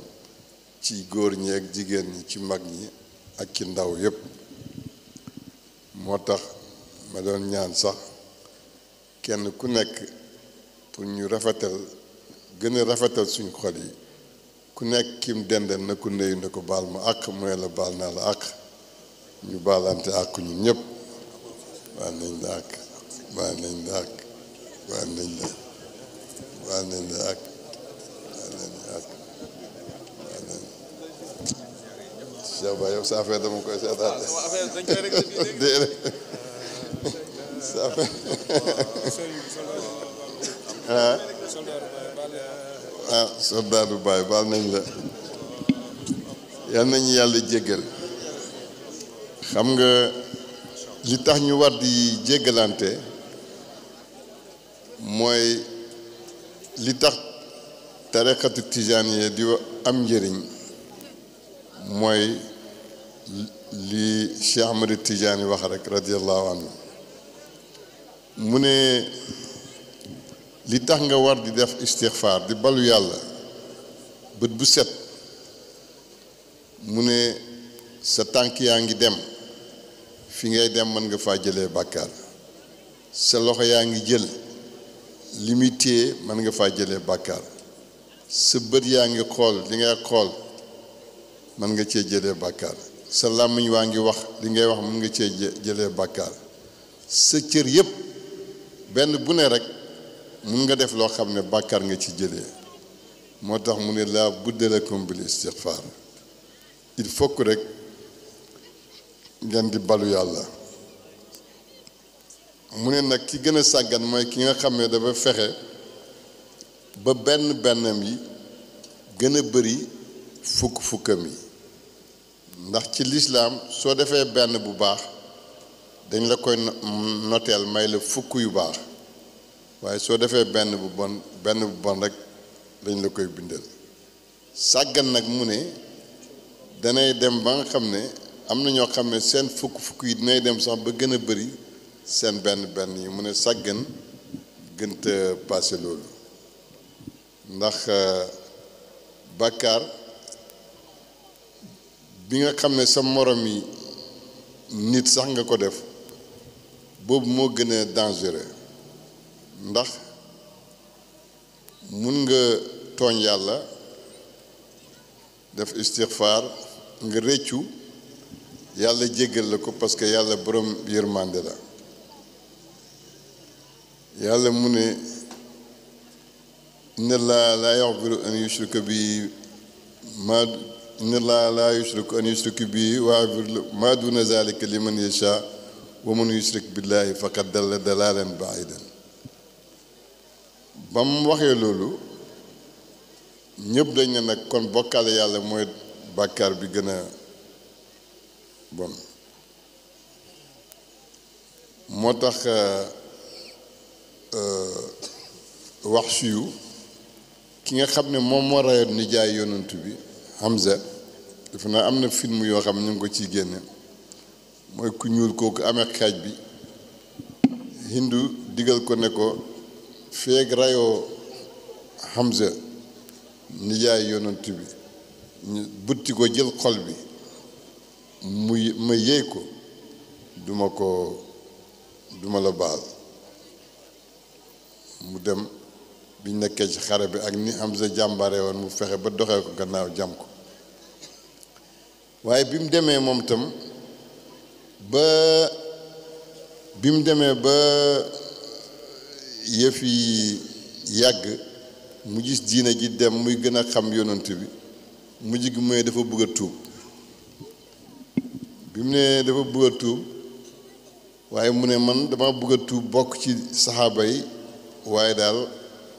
ci góor ñi ak jigéen ñi ci mag ñi ak ci ndaw yépp moo tax ma doon ñaan sax kenn ku nekk pour ñu rafetal gën a rafetal suñu xol yi ku nekk kim dendal na ku néyu na ko baal ma àq mooy la baal naa la àq ñu baalante àq ñun ñëpp baal nañ la àq baal nañ la àq baal nañ la baal nañ la àq baal nañ la àq dama koy seetaan ah, déedéet ah, ah soldaatu baay baal nañ la yal nañu yàlla jéggal xam nga li tax ñu war di jéggalante mooy li tax tarixatu tijaan yi di am njëriñ mooy li Cheikh Ahmad Tijaani wax rek radiyallahu anhu mu ne li tax nga war di def istighfar di balu yalla mune bu set mune sa tànk yaangi dem fi ngay dem man nga fa jele bakkar sa loxo yaangi jël limité man nga fa jele bakkar sa beut yaangi xol li ngay xol man nga ci jele bakkar sa waangi wax li ngay wax man nga ci jele bakkar sa cër yépp benn bu ne rek mën nga def loo xam ne bàkkaar nga ci jëlee moo tax mu ne bil il faut que rek ngeen di balu yàlla mu ne ki gën a sàggan mooy ki nga xam ne dafa fexe ba benn bennam yi gën a bëri fukk fukkam ndax ci lislaam soo defee benn bu baax dañ la koy may yu waaye soo defee benn bu bon benn bu bon rek dañ la koy bindal sàggan nag mu ne danay dem ba nga xam ne am na ñoo xam ne seen fukk fukk yi dinay dem sax ba gën a bëri seen benn benn yi mu ne sàggan gënta paase loolu ndax euh, bàkkaar bi nga xam ne sa morom yi nit sax nga ko def boobu moo gën a dangereux ndax mun nga tooñ yàlla def istixfaar nga réccu yàlla jéggal la ko parce que yàlla borom yërmande la yàlla mu ne inna laa laa yaxbiru an yushriku bi ma inna laa laa yushriku an yushriku bi wa yaxbiru ma duna zalika liman yasha wa man yushrik billahi faqad dalla dalalan baidan ba mu waxee loolu ñëpp dañ ne nag kon bokkaale yàlla mooy bàkkaar bi gën a bon moo tax euh, euh, wax suyu ki nga xam ne moom moo rayoon nijaay yonent bi Hamza def naa am na film yoo xam ne ñu ngi ko ciy génne mooy ku ñuul kooku amee xaaj bi hindu digal ko ne ko feeg rayoo Hamza nijaay yonent bi butti ko jël xol bi mu ma yéey ko duma ko duma la baal mu dem biñ nekkee ci xare bi ak ni Hamza jàmbare woon mu fexe ba doxee ko gannaaw jam ko waaye bi mu demee moom tam ba bi mu demee ba yëf yi yàgg mu gis diine ji dem muy gën a xam yonent bi mujj gi mooy dafa bëgg a tuub bi mu ne dafa bëgg a tuub waaye mu ne man dama bëgg a tuub bokk ci saxaaba yi waaye daal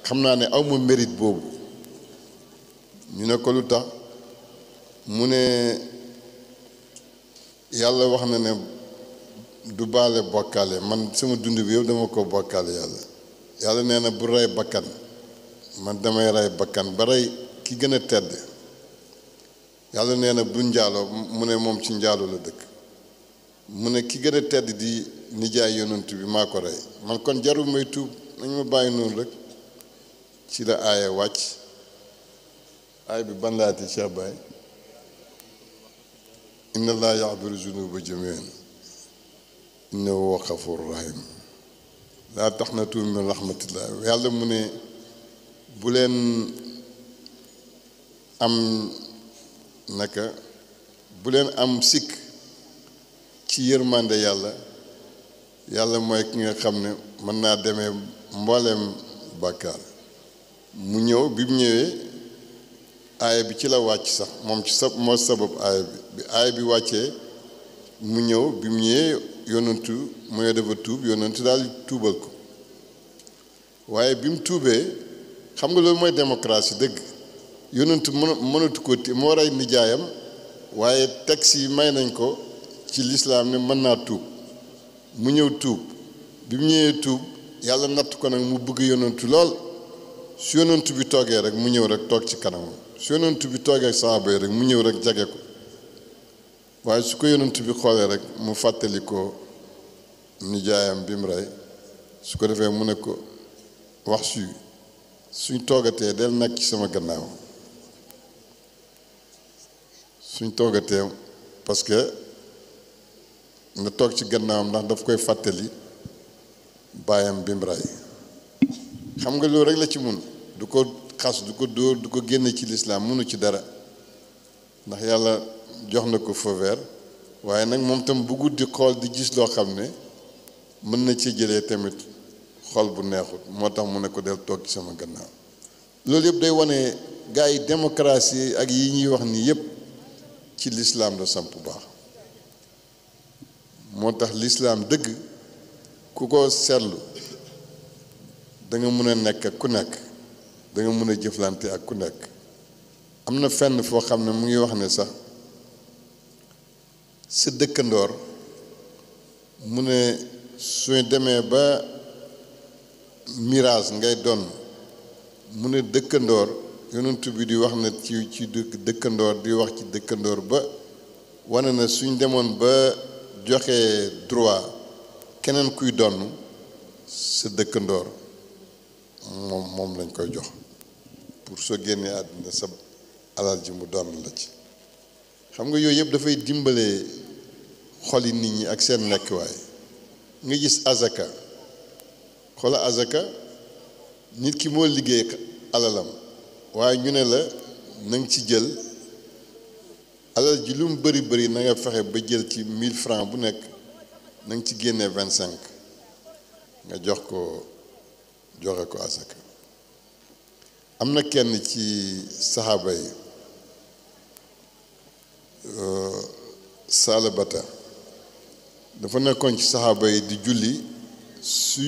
xam naa ne awma mérite boobu ñu ne ko lu tax mu ne yàlla wax na ne du baale bokkaale man sama dund bi yëpp dama ko bokkaale yàlla yàlla nee na bu rey bakkan man damay rey bakkan ba rey ki gën a tedd yàlla nee na bu njaaloo mu ne moom ci njaaloo la dëkk mu ne ki gën a tedd di nijaay yonent bi maa ko rey man kon jarul may tuub nañ ma bàyyi noonu rek ci la aaya wàcc aay bi ban laati Cheikh Baye inna laa yaxbiru junuba jamian innahu huwa xafur rahim laa taxnatu min rahmatillah yàlla mu bu leen am naka bu leen am sikk ci yërmande yàlla yàlla mooy ki nga xam ne mën naa demee mbooleem bàkkaar mu ñëw bi mu ñëwee aaya bi ci la wàcc sax moom ci sa moo sabab aaya bi bi bi wàccee mu ñëw bi mu ñëwee yonantu mooy dafa tuub yonent daal tuubal ko waaye bi mu tuubee xam nga loolu mooy démocratie dëgg yonent mën mënatu ko te moo rey nijaayam waaye texte yi may nañ ko ci lislaam ne mën naa tuub mu ñëw tuub bi mu ñëwee tuub yàlla natt ko nag mu bëgg yonentu lool su yonent bi toogee rek mu ñëw rek toog ci kanamam su yonent bi toogee saaba yi rek mu ñëw rek jage ko waaye su ko yonent bi xoolee rek mu fàttali ko nijaayam bi mu rey su ko defee mu ne ko wax su suñ toogatee del nag ci sama gannaaw suñ toogatee parce que na toog ci gannaawam ndax daf koy fàttali baayam bi mu rey xam nga loolu rek la ci mun du ko xas du ko dóor du ko génne ci lislaam mënu ci dara ndax yàlla jox na ko feu waaye nag moom tam bu guddi xool di gis loo xam ne mën na ci jëlee tamit xol bu neexut moo tax mu ne ko del toog sama gannaar loolu yëpp day wane gars yi démocratie ak yi ñuy wax nii yëpp ci lislaam la samp baax moo tax lislaam dëgg ku ko seetlu danga mën a nekk ak ku nekk danga mën a jëflante ak ku nekk am na fenn foo xam ne mu ngi wax ne sax sa dëkkandoor mu ne suñ demee ba miraas ngay donn mu ne dëkkandoor yonent bi di wax na ci ci dëkkandoor di wax ci dëkkandoor ba wane na suñ demoon ba joxe droit keneen kuy donn sa dëkkandoor moom moom lañ koy jox pour soo génnee àddina sa alal ji mu donn la ci xam nga yooyu yëpp dafay dimbale yi nit ñi ak seen nekkuwaay nga gis azaka xoola azaka nit ki moo liggéey alalam waaye ñu ne la nang ci jël alal ji lu mu bëri bari na nga fexe ba jël ci 1000 francs bu nekk na ci génnee 25 nga jox ko joxe ko azaka am na kenn ci saxaaba yi euh, salabata dafa nekkoon ci saxaaba yi di julli su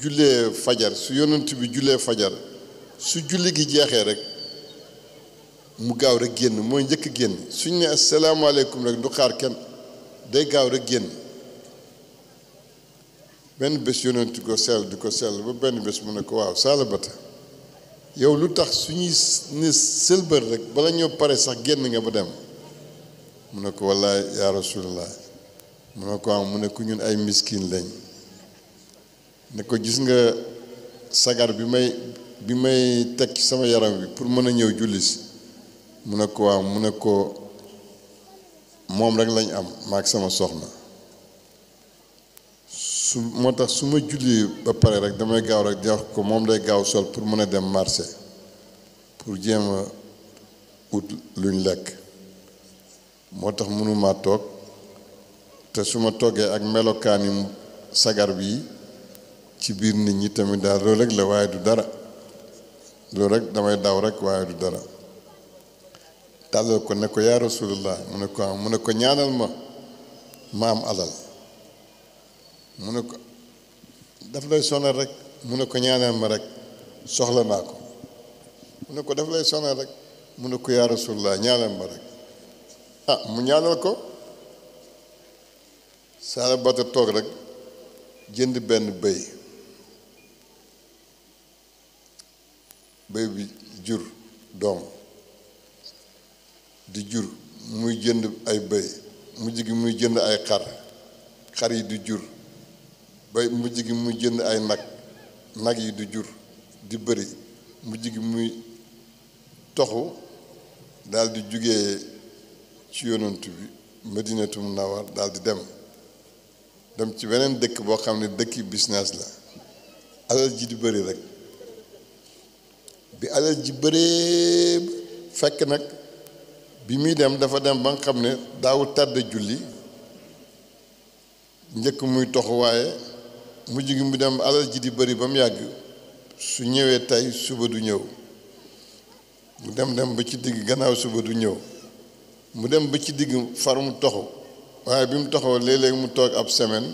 jullee fajar su yonent bi jullee fajar su julli gi jeexee rek mu gaaw rek génn mooy njëkk génn suñ ne asalaamaaleykum rek du xaar kenn day gaaw rek génn benn bés yonent di ko sell di ko sell ba benn bés mu ne ko waaw saalabata yow lu tax suñuy ne sëlbër rek bala ñoo pare sax génn nga ba dem mu ne ko wallaay yaa rasulallah mu ne ko am ah, mu ne ko ñun ay miskin lañ ne ko gis nga sagar bi may bi may teg ci sama yaram bi pour mën a ñëw jullis mu ne ko waaw ah, mu ne ko moom rek lañ am maak sama soxna su moo tax su ma julli ba pare rek damay gaaw rek di wax ko moom day gaaw sol pour mën a dem marché pour jéem a ut luñ lekk moo tax mënuma toog te su ma toggee ak melokaani sagar bii ci biir nit ñi tamit daal loolu rek la waaye du dara loolu rek damay daw rek waaye du dara tàllal ko ne ko yaa rasulullah mu ne ko am ah, mu ne ko ñaanal ma ma am alal mu ne ko daf lay sonal rek mu ne ko ñaanal rek soxla mu ne ko daf lay sonal rek mu ne ko yaa rasulullah ñaanal ma rek ah mu ñaanal ko saara bata toog rek jënd benn bëy bëy bi jur doom di jur muy jënd ay bëy mujj gi muy jënd ay xar xar yi di jur bay mujj gi muy jënd ay nag nag yi di jur di bëri mu gi muy toxu daldi di jugee ci yonent bi Madinatul Munawwar daal di dem dem ci beneen dëkk boo xam ne dëkki business la alal ji di bëri rek bi alal ji bëree fekk nag bi muy dem dafa dem ba nga xam ne daawul tàdd julli njëkk muy tox waaye mujj gi mu dem alal ji di bëri ba mu yàgg su ñëwee tey suba du ñëw mu dem dem ba ci digg gannaaw suba du ñëw mu dem ba ci digg far mu toxu waaye bi mu taxaw léeg mu toog ab semaine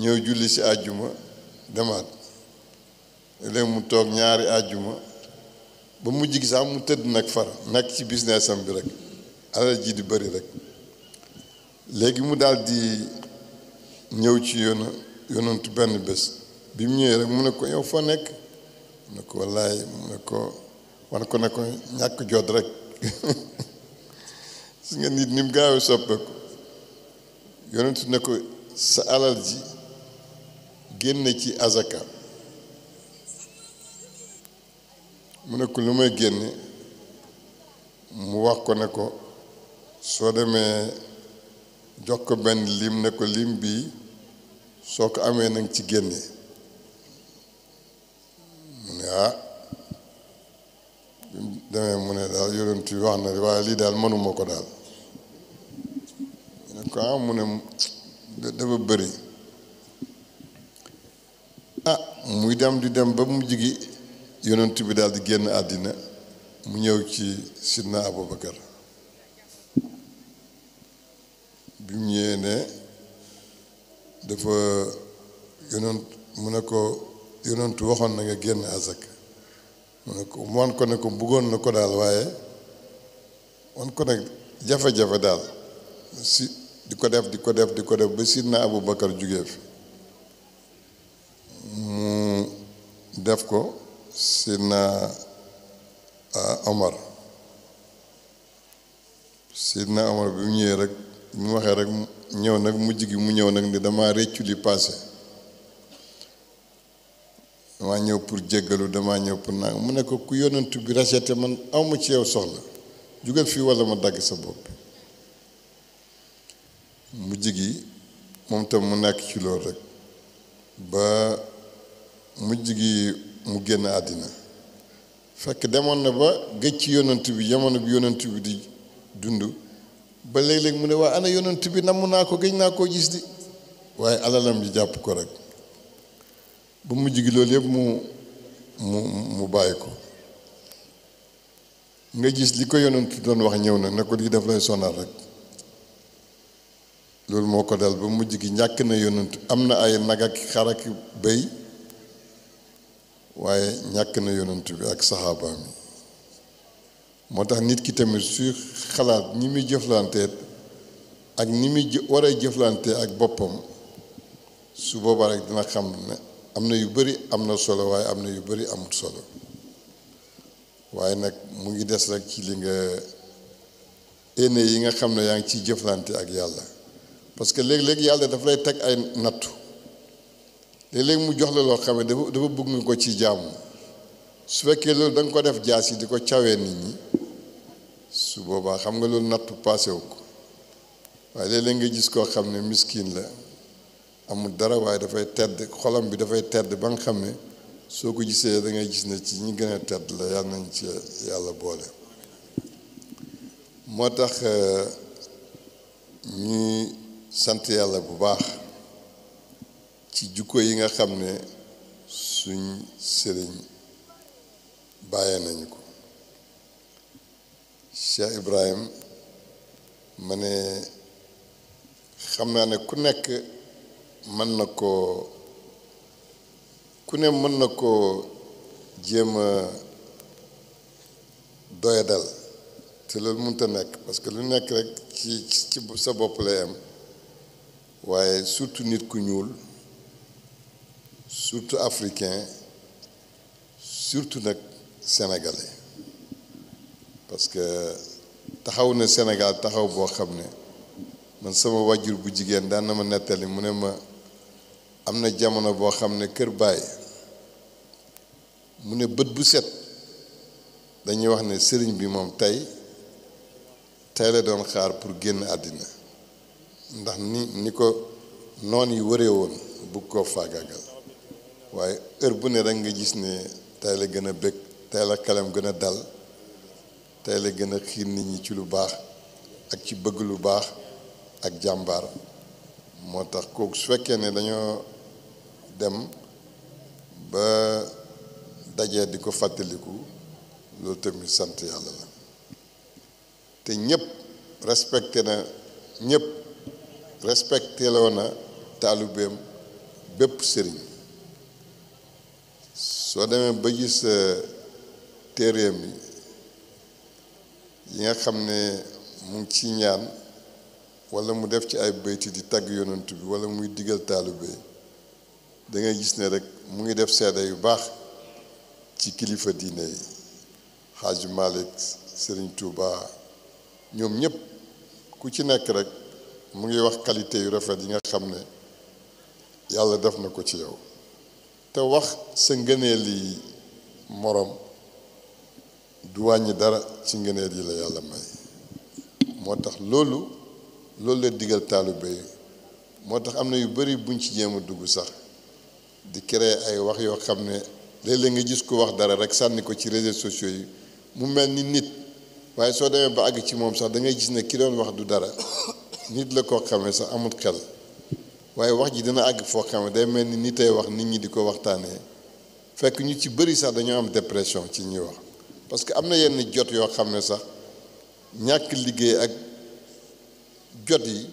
ñëw julli si àjjuma demaat léeg mu toog ñaari àjjuma ba mujj gi sax mu tëdd nag far nekk ci business am bi rek alal ji di bari rek léegi mu daldi ñëw ci yoona yonantu benn bés bi mu ñëwee rek mu ne ko yow foo nekk mu ne ko wallaay mu ne ko wan ko ne ko ñàkk jot rek su nga nit ni mu gaaw a soppeeku yonent ne ko sa alal ji génne ci azaka mu ne ko lu may génne mu wax ko ne ko soo demee jox ko benn lim ne ko lim bii soo ko amee nag ci génne mu ne ah. demee mu ne daal yonent yi wax na waaye lii daal mënuma ko daal quoi mu ne dafa bëri ah muy dem di dem ba mu jigi yonent bi daal di génn àddina mu ñëw ci sidna Abubakar bi mu ñëwee dafa yonent mu ne ko yonent waxoon na nga génn azak mu ne ko wan ko ne ko bëggoon na ko daal waaye wan ko ne jafe-jafe daal di ko def di ko def di ko def ba sidna abu bakar jógee fi mu def ko sidna euh, omar sidna omar bi mu ñëwee rek bi mu waxee rek ñëw nag mujj gi mu ñëw nag ni dama réccu li passé dama ñëw pour jéggalu dama ñëw pour naa mu ne ko ku yonent bi racheté man awma ci yow soxla jugal fii walla ma dagg sa bopp mujj gi moom tam mu nekk ci loolu rek ba mujj gi mu génn àddina fekk demoon na ba géej ci yonent bi jamono bi yonent bi di dund ba léeg-léeg mu ne waa ana yonent bi namm naa ko géej naa koo gis di waaye alalam ji jàpp ko rek ba mu gi loolu yëpp mu mu mu bàyyi ko nga gis li ko yonent doon wax ñëw na ne ko lii daf lay sonal rek loolu moo ko dal ba mujj gi ñàkk na yonent am na ay nag ak xar ak waaye ñàkk na yonent bi ak saxaabaam yi moo tax nit ki tamit suy xalaat ñi muy jëflanteet ak ni muy war jëflante ak boppam su boobaa xam ne am na yu bari am na solo waaye am na yu bari amut solo waaye nag mu ngi des rek ci li nga éene yi nga xam ne yaa ngi ciy jëflante ak yàlla parce que léeg-léeg yàlla dafay teg ay nattu léeg-léeg mu jox la loo xam ne dafa dafa bëgg nga ko ci jaamu su fekkee loolu danga ko def jaas yi di ko cawee nit ñi su boobaa xam nga loolu nattu paase wu ko waaye léeg-léeg nga gis koo xam ne miskin la amul dara waaye dafay tedd xolam bi dafay tedd ba nga xam ne soo ko gisee da ngay gis ne ci ñi gën a tedd la yàlla nañ ci yàlla boole moo tax euh, ñi sant yàlla bu baax ci jukko yi nga xam ne suñ sëriñ bàyyee nañu ko Cheikh Ibrahim ma ne xam naa ne ku nekk mën na koo ku ne mën na koo jéem a doyadal te loolu mënta nekk parce que lu nekk rek ci ci sa bopp lay am waaye surtout nit ku ñuul surtout africain surtout nag sénégalais parce que taxaw na Sénégal taxaw boo xam ne man sama wajur bu jigéen daan na ma nettali mu ne ma am na jamono boo xam ne kër bàyyi mu ne bët bu set dañuy wax ne sëriñ bi moom tey tey la doon xaar pour génn àddina ndax ni ni ko noon yi wëree woon bugg koo faagaagal waaye heure bu ne rekk nga gis ne tey la gën a bëgg tey la xelam gën a dal tey la gën a xiir nit ñi ci lu baax ak ci bëgg lu baax ak jàmbaar moo tax kooku su fekkee ne dañoo dem ba dajee di ko fàttaliku loolu tamit sant yàlla la te ñépp respecté na ñépp respecté loo na taalubeem bépp sëriñ soo demee ba gis euh, téereem yi yi nga xam ne mu ngi ci ñaan walla mu def ci ay bayti di tagg yonent bi wala muy diggal taalube da ngay gis ne rek mu ngi def seede yu baax ci kilifa diine yi xaaju Malick Serigne Touba ñoom ñëpp ku ci nekk rek mu ngi wax qualité yu rafet yi nga xam ne yàlla def na ko ci yow te wax sa ngëneel yi moroom du wàññi dara ci ngëneel yi la yàlla may moo tax loolu loolu la digal taalibe yi moo tax am na yu bari buñ ci jéem a dugg sax di créer ay wax yoo xam ne léeg-léeg nga gis ko wax dara rek sànni ko ci réseaux sociaux yi mu mel ni nit waaye soo demee ba àgg ci moom sax da ngay gis ne ki doon wax du dara nit la koo xamee sax amut xel waaye wax ji dina àgg foo xamee day mel ni nitay wax nit ñi di ko waxtaanee fekk ñu ci bëri sax dañoo am dépression ci ñuy wax parce que am na yenn jot yoo xam ne sax ñàkk liggéey ak jot yi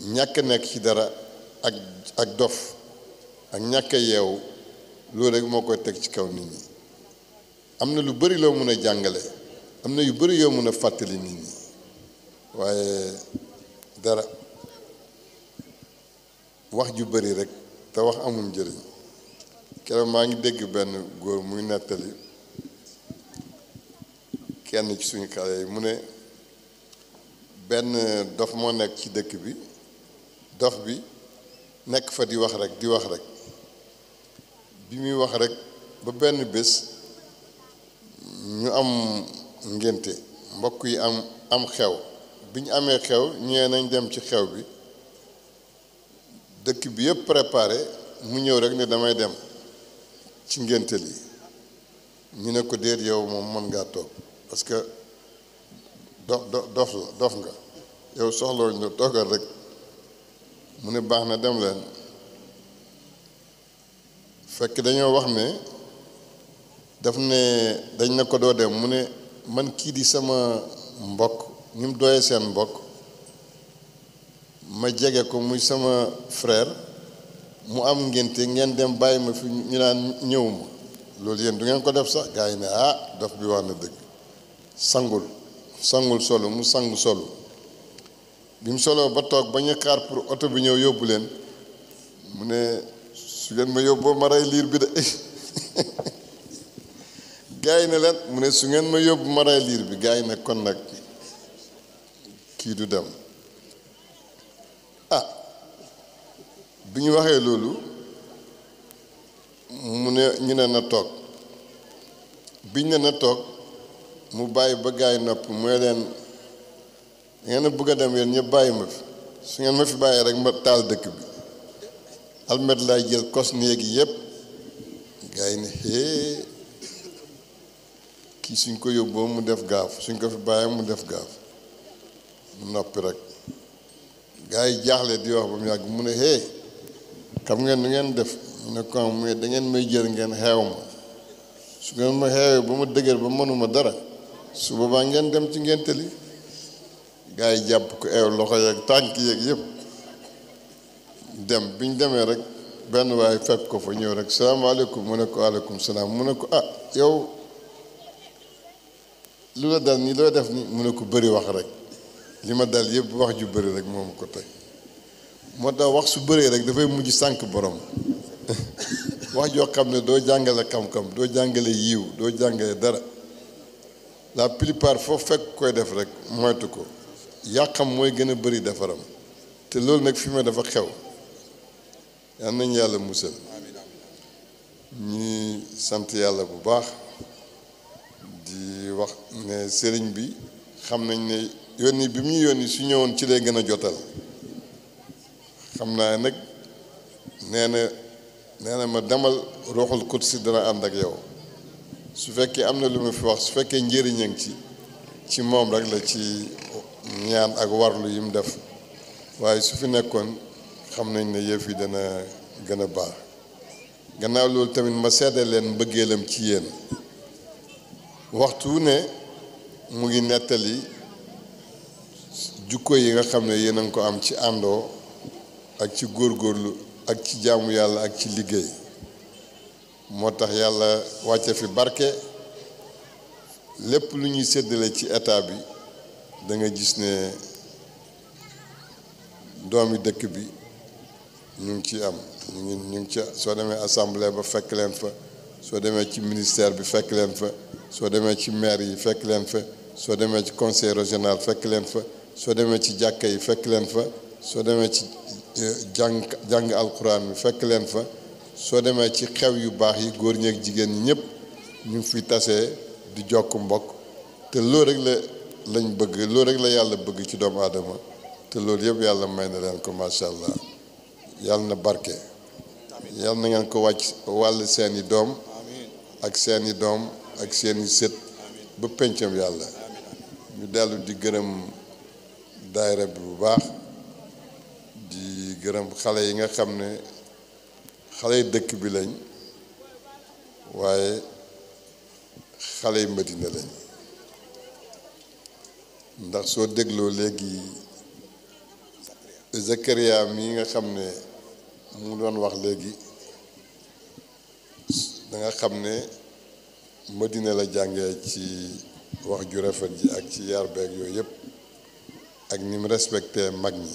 ñàkk nekk ci dara ak ak dof ak ñàkk yeewu loolu rek moo koy teg ci kaw nit ñi am na lu bëri loo mën a jàngale am na yu bari yoo mën a fàttali nit ñi waaye dara wax ju bari rek te wax amul njëriñ keroog maa ngi dégg benn góor muy nettali kenn ci suñu xale yi mu ne benn dof moo nekk ci dëkk bi dof bi nekk fa di wax rek di wax rek bi muy wax rek ba benn bés ñu am ngénte mbokk yi am am xew bi ñu amee xew ñëwee nañ dem ci xew bi dëkk bi yëpp préparé mu ñëw rek ni damay dem ci ngénte li ñu ne ko déet yow moom mën ngaa toog parce que dof dox nga yow soxlawuñ la toogal rek mu ne baax na dem leen fekk dañoo wax ne daf ne dañ ne ko doo dem mu ne man kii di sama mbokk ñi mu doyee seen mbokk ma jege ko muy sama freer mu am ngénte ngeen dem bàyyi ma fi ñu naan ñëwuma loolu yéen du ngeen ko def sax gaa yi ne ah daf bi wax na dëgg sangul sangul solo mu sangu solo bi mu soloo ba toog ba ñu xaar pour oto bi ñëw yóbbu leen mu ne su ngeen ma yóbboo ma rey liir bi de gaa yi ne leen mu ne su ngeen ma yóbbu ma rey liir bi gaa yi ne kon nag kii du dem ah bi ñu waxee loolu mu ne ñu ne na toog biñ ne na toog mu bàyyi ba gaay nopp mooy leen ngeen bëgg a dem yéen ñëpp bàyyi ma fi su ngeen ma fi bàyyi rek ma taal dëkk bi almet lay jël kos néegi yëpp gaay ne xée kii suñ ko yóbboo mu def gaaf suñ ko fi bàyyi mu def gaaf noppi rek gars yi jaaxle di wax ba mu yàgg mu ne hey xam ngeen nu ngeen def mu ne ko mu ne da ngeen may jël ngeen xeew ma su ngeen ma xeewee ba ma dëgër ba mënuma dara su boobaa ngeen dem ci ngénte li gars yi jàpp ko eew loxo yeeg tànk yeeg yëpp dem bi ñu demee rek benn waaye fekk ko fa ñëw rek salaamaaleykum mu ne ko waaleykum salaam mu ne ko ah yow lu la dal nii loo def ni mu ne ko bëri wax rek li ma dal yëpp wax ju bari rek moom ko tey moo tax wax su bëree rek dafay mujj sànq borom wax joo xam ne doo jàngale xam-xam doo jàngale yiw doo jàngale dara la plupart foofu fekk koy def rek moytu ko yàqam mooy gën a bëri defaram te loolu nag fi ma dafa xew yal nañ yàlla musal ñuy sant yàlla bu baax di wax ne sëriñ bi xam nañ ne yónni bi mu ñu yónni su ñëwoon ci lay gën a jotal xam naa nag nee na nee na ma demal ruuxul si dana ànd ak yow su fekkee am na lu mu fi wax su fekkee njëriñ ngi ci ci moom rek la ci ñaan ak warlu yi mu def waaye su fi nekkoon xam nañ ne yëf yi dana gën a baax gannaaw loolu tamit ma seddal leen mbëggeelam ci yéen waxtu ne mu ngi nettali jukko yi nga xam ne yéen a ngi ko am ci àndoo ak ci góor góorgóorlu ak ci jaamu yàlla ak ci liggéey moo tax yàlla wàcce fi barke lépp lu ñuy séddale ci état bi da nga gis ne doomi dëkk bi ñu ngi ci am ñu ngi ñu ngi ci soo demee assemblée ba fekk leen fa soo demee ci ministère bi fekk leen fa soo demee ci maire yi fekk leen fa soo demee ci conseil régional fekk leen fa soo demee ci jàkka yi fekk leen fa soo demee ci jàng al alquran bi fekk leen fa soo demee ci xew yu baax yi góor ñeek jigéen ñi ñëpp ñu fi tasee di jokk mbokk te loolu rek la lañ bëgg loolu rek la yàlla bëgg ci doomu aadama te loolu yëpp yàlla may na leen ko macha allah yàlla na barke yàlla na ngeen ko wàcc wàll seeni doom ak seeni doom ak seeni sët ba pencam yàlla ñu dellu di gërëm daayira bi bu baax di gërëm xale yi nga xam ne xale yi dëkk bi lañ waaye xale yi Medina lañ ndax soo dégloo léegi Zakaria mi nga xam ne mu doon wax léegi da nga xam ne Medina la jànge ci wax ju rafet ji ak ci yar beeg yooyu yëpp ak ni mu respecté mag ñi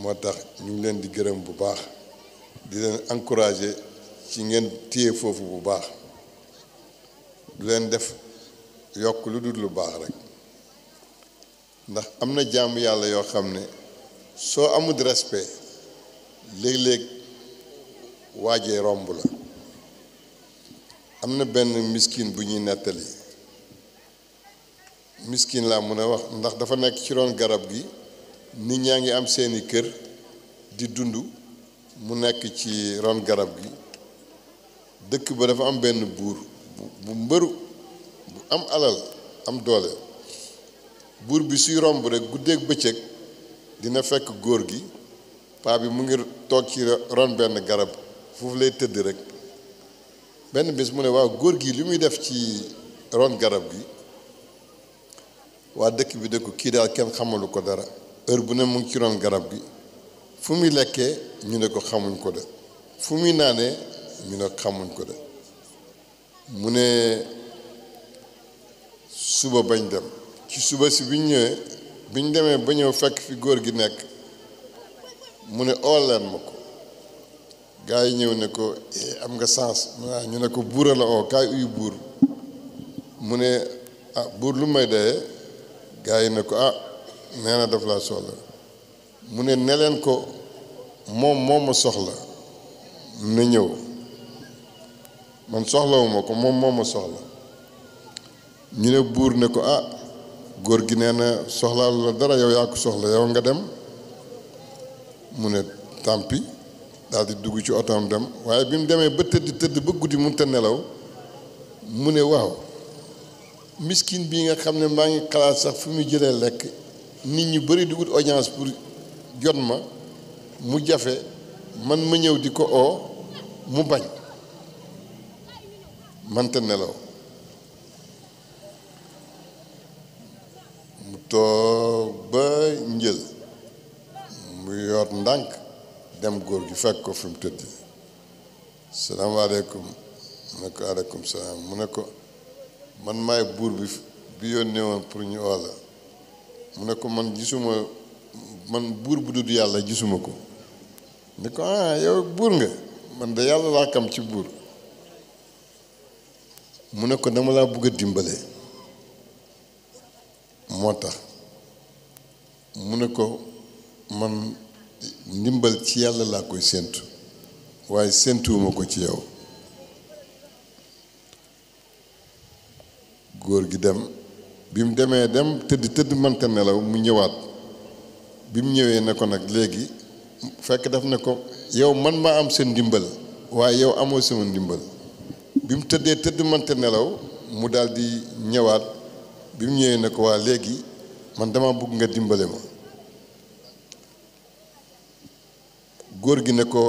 moo tax ñu ngi leen di gërëm bu baax di leen encouragé ci ngeen téye foofu bu baax du leen def yokk lu dul lu baax rek ndax am na jàmm yàlla yoo xam ne soo amul respect léeg-léeg waajee romb la am na benn miskin bu ñuy nettali miskin laa mën a wax ndax dafa nekk ci ron garab gi nit ñaa ngi am seeni kër di dund mu nekk ci ron garab gi dëkk ba dafa am benn buur bu mbëru bu am alal am doole buur bi suy romb rek guddeeg bëccëg dina fekk góor gi paa bi mu ngi toog ci ron benn garab foofu lay tëdd rek benn bés mu ne waaw góor gi li muy def ci ron garab gi waa dëkk bi dëkku kii daal kenn xamalu ko dara heure bu ne mu ngi ci roon garab gi fu muy lekkee ñu ne ko xamuñ ko de fu muy naanee ñu ne xamuñ ko de mu ne suba bañ dem ci suba si biñ ñëwee biñ demee ba ñëw fekk fi góor gi nekk mu ne oo ma ko gars yi ñëw ne ko eh, am nga sens waaw ah, ñu ne ko buura la oo kaay uyu buur mu ne ah buur lu may dee gaa yi ne ko ah nee na daf laa soxla mu ne neleen ko moom moo ma soxla na ñëw man soxlawuma ko moom moo ma soxla ñu ne buur ne ko ah góor gi nee na soxlaal la dara yow yaa ko soxla yow nga dem mu ne tàmpi daal di dugg ci otoom dem waaye bi mu demee ba tëdd tëdd ba guddi mënut a nelaw mu ne waaw miskin bi nga xam ne maa ngi xalaat sax fi mu jëlee lekk nit ñu bari di wut audience pour jot ma mu jafe man ma ñëw di ko oo mu bañ mante nelaw mu toog ba njël mu yor ndànk dem góor gi fekk ko fi mu tëdd salaamaaleykum mu ne ko aleykum salaam mu ne ko man maay buur bi bi yónnee woon pour ñu oo mu ne ko man gisuma man buur bu dudd yàlla gisuma ko ni ko ah yow buur nga man da yàlla laa kam ci buur mu ne ko dama laa bëgg a motax moo tax mu ne ko man ndimbal ci yàlla laa koy sentu waaye séentuwuma ko ci yow góor gi dem bi mu demee dem tëdd tëdd mënta nelaw mu ñëwaat bi mu ñëwee ne ko nag léegi fekk daf ne ko yow man maa am seen ndimbal waaye yow amoo sama ndimbal bi mu tëddee tëdd mënta nelaw mu daldi ñëwaat bi mu ñëwee ne ko waa léegi man dama bëgg nga dimbale ma góor gi ne ko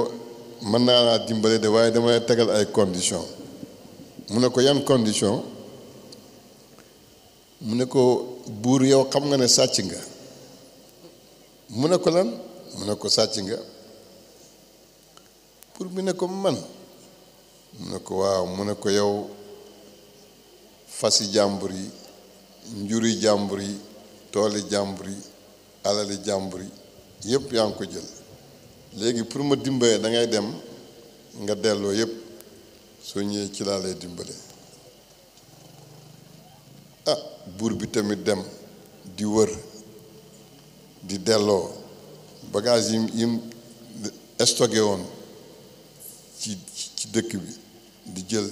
mën naa laa dimbale de waaye dama tegal ay condition mu ne ko yan condition mu ne ko buur yow xam nga ne sàcc nga mu ne ko lan mu ne ko sàcc nga buur bi ne ko man mu ne ko waaw mu ne ko yow fasi jàmbur yi njuri jàmbur yi tooli jàmbur yi alali jàmbur yi yëpp yaa ngi ko jël léegi pour ma dimbalee da ngay dem nga delloo yëpp soo ñëwee ci laa lay dimbale ah. buur bi tamit dem di wër di delloo bagage yi yim stocké woon ci ci dëkk bi di jël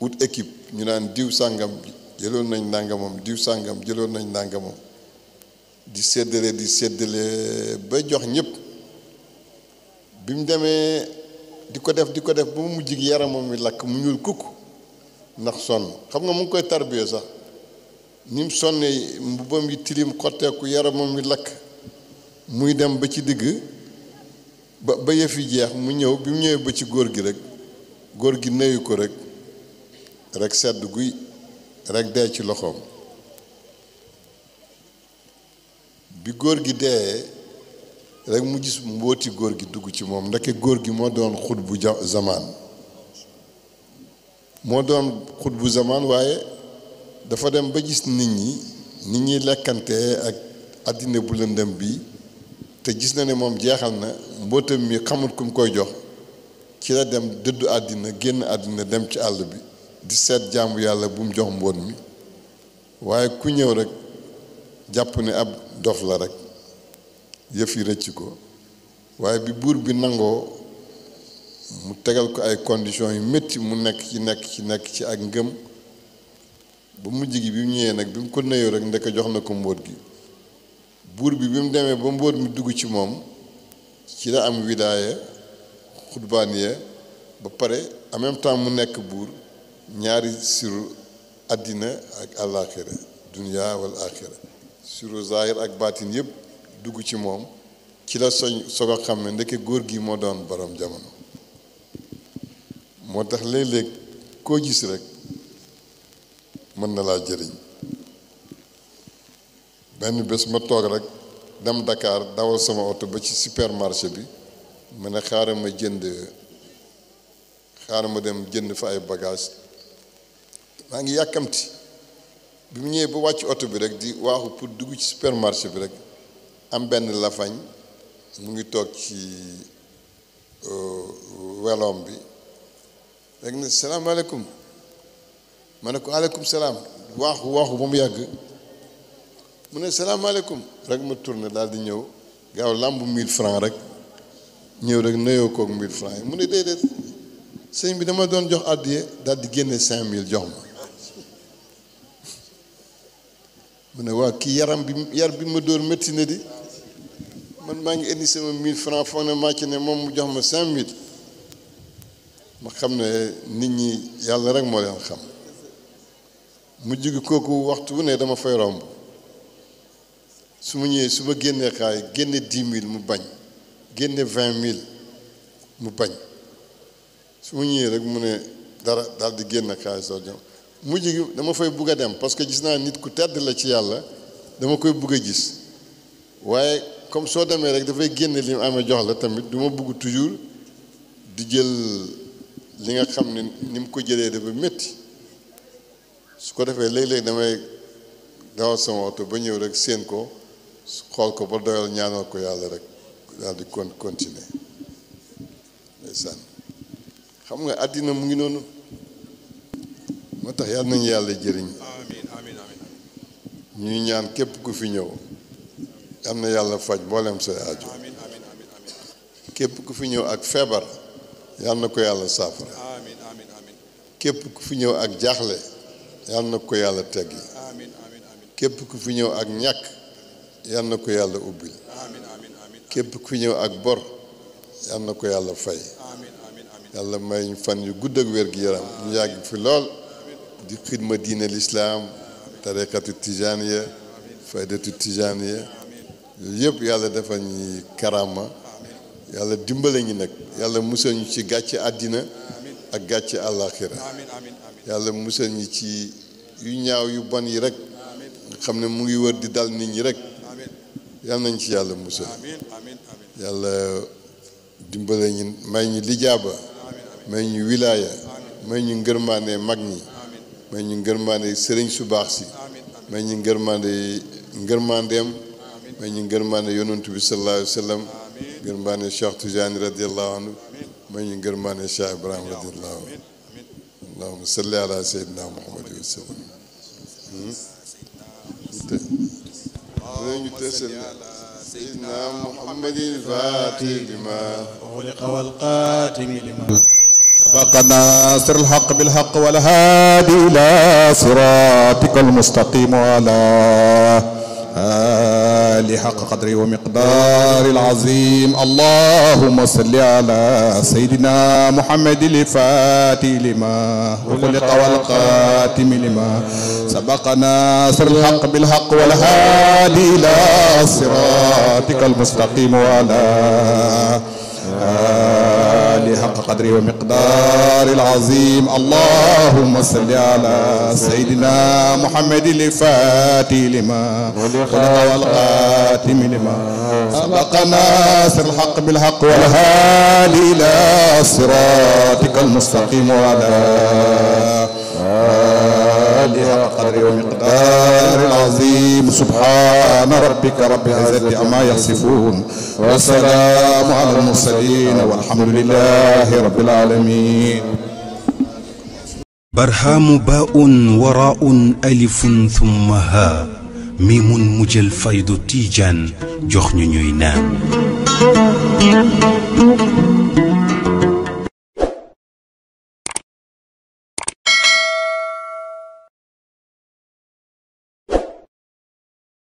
wut équipe ñu naan diw sàngam jëloon nañ nangamam diw sàngam jëloon nañ nangamam di séddale di séddale ba jox ñëpp bi mu demee di ko def di ko def ba mu mujj yaramam mi lakk mu ñuul kukk ndax sonn xam nga mu ngi koy tarbiya sax ni sonnee sonne mbubbam yi tilim xotteeku yaramam wi lakk muy dem ba ci digg ba ba yëf yi jeex mu ñëw bi mu ñëwee ba ci góor gi rekk góor gi nuyu ko rekk rek sedd guy rek dee ci loxoom bi góor gi dee rekk mu gis mbooti góor gi dugg ci moom ndeke góor gi moo doon xut bu zamaan moo doon xut bu zamaan waaye dafa dem ba gis nit ñi nit ñi lekkante ak àddina bu lëndëm bi te gis na ni moom jeexal na mbootam mi xamul ku mu koy jox ci la dem dëddu àddina génn àddina dem ci àll bi di seet jaamu yàlla bu mu jox mboot mi waaye ku ñëw rek jàpp ni ab dox la rek yëf yi rëcc ko waaye bi buur bi nangoo mu tegal ko ay conditions yu métti mu nekk ci nekk ci nekk ci ak ngëm ba mujj gi bi mu ñëwee nag bi mu ko neyoo rek ndeke jox na ko mbóot gi buur bi bi mu demee ba mbóot mi dugg ci moom ci la am wilaaya xutbaaniya ba pare en même temps mu nekk buur ñaari siru àddina ak àllaaxira dunya wal aaxira siru zahir ak baatin yëpp dugg ci moom ci la soñ soog a xam ne ndeke góor gi moo doon borom jamono moo tax léeg-léeg koo gis rek mën na laa jëriñ benn bés ma toog rek dem Dakar dawal sama oto ba ci supermarché bi ma ne xaaral ma jënd xaaral ma dem jënd fa ay bagage maa ngi yàkkamti bi mu ñëwee ba wàcc oto bi rek di waaxu pour dugg ci supermarché bi rek am benn lafañ mu ngi toog ci euh, weloom bi rek ne salaamaaleykum ma alaykum salam wax wax bu mu yag mune salam alaykum rek ma tourner dal di ñëw gaaw làmb 1000 francs rek ñëw rek neyo ko 1000 francs mune dede sëñ bi dama doon jox adiyé dal di génne 5000 jox ma mune wa ki yaram bi yar bi ma dóor métti di man ma ngi indi sama 1000 francs foog ma ci ne mom mu jox ma 5000 ma xamne nit ñi yàlla rek mo leen xam. mujj gi kooku waxtu wu ne dama fay romb su ma ñëwee su ma génnee xaay génne dix mille mu bañ génne vingt mille mu bañ su ma ñëwee rek mu ne dara dal di génn xaay soo jom mujj gi dama fay bugg a dem parce que gis naa nit ku tedd la ci yàlla dama koy bugg a gis waaye comme soo demee rek dafay génne li mu amee jox la tamit du ma bugg toujours di jël li nga xam ne ni mu ko jëlee dafa métti su ko defee léeg-léeg damay dawal sama oto ba ñëw rek séen ko xool ko ba doyal ñaanal ko yàlla rek daal di kon continuer ndeysaan xam nga àddina mu ngi noonu moo tax yàlla nañu yàlla jëriñ ñu ñaan képp ku fi ñëw am na yàlla faj mboolem sa aajo képp ku fi ñëw ak feebar yàlla na ko yàlla saafara képp ku fi ñëw ak jaaxle yal na ko yàlla teggi képp ku fi ñëw ak ñàkk yal na ko yàlla ubbi képp ku ñëw ak bor yal na ko yàlla fay yàlla may ñu fan yu gudd ak wér gi yaram ñu yàgg fi lool di xidma diine lislaam tariqatu tijaaniya faydatu tijaaniya yooyu yëpp yàlla dafa ñuy karama yàlla dimbale ngi nag yàlla musal ci gàcc àddina ak gàcc àllaaxira yàlla musal ñi ci yu ñaaw yu bon yi rek nga xam ne mu ngi wër di dal nit ñi rek yal nañ ci yàlla musal yàlla dimbale ñu may ñu lijaaba may ñu wilaaya may ñu ngërmaande mag ñi may ñu ngërmaande sëriñ su baax si may ñu ngërmaande ngërmaandeem may ñu ngërmaande yonantu bi sallallahu alayhi wa sallam ngërmaande Cheikh Tidiane radiallahu anhu may ñu ngërmaande Cheikh Ibrahima radiallahu anhu اللهم صل على سيدنا محمد وسلم اللهم صل على سيدنا محمد الفاتح لما أغلق والقاتم لما سبق ناصر الحق بالحق والهادي إلى صراطك المستقيم على آه وآله حق قدره ومقدار العظيم اللهم صل على سيدنا محمد الفاتح لما وخلق والقاتم لما سبق ناصر الحق بالحق والهادي إلى صراطك المستقيم وعلى لي حق قدري ومقداري العظيم اللهم صل على سيدنا محمد الفاتي لما خلق والقاتم لما سبق ناصر الحق بالحق والهادي إلى صراطك المستقيم وعلى الحمد قدر ومقدار عظيم العظيم سبحان ربك رب العزة عما يصفون والسلام على المرسلين والحمد لله رب العالمين برهام باء وراء ألف ثم ها ميم مجل فيض تيجان جخن نام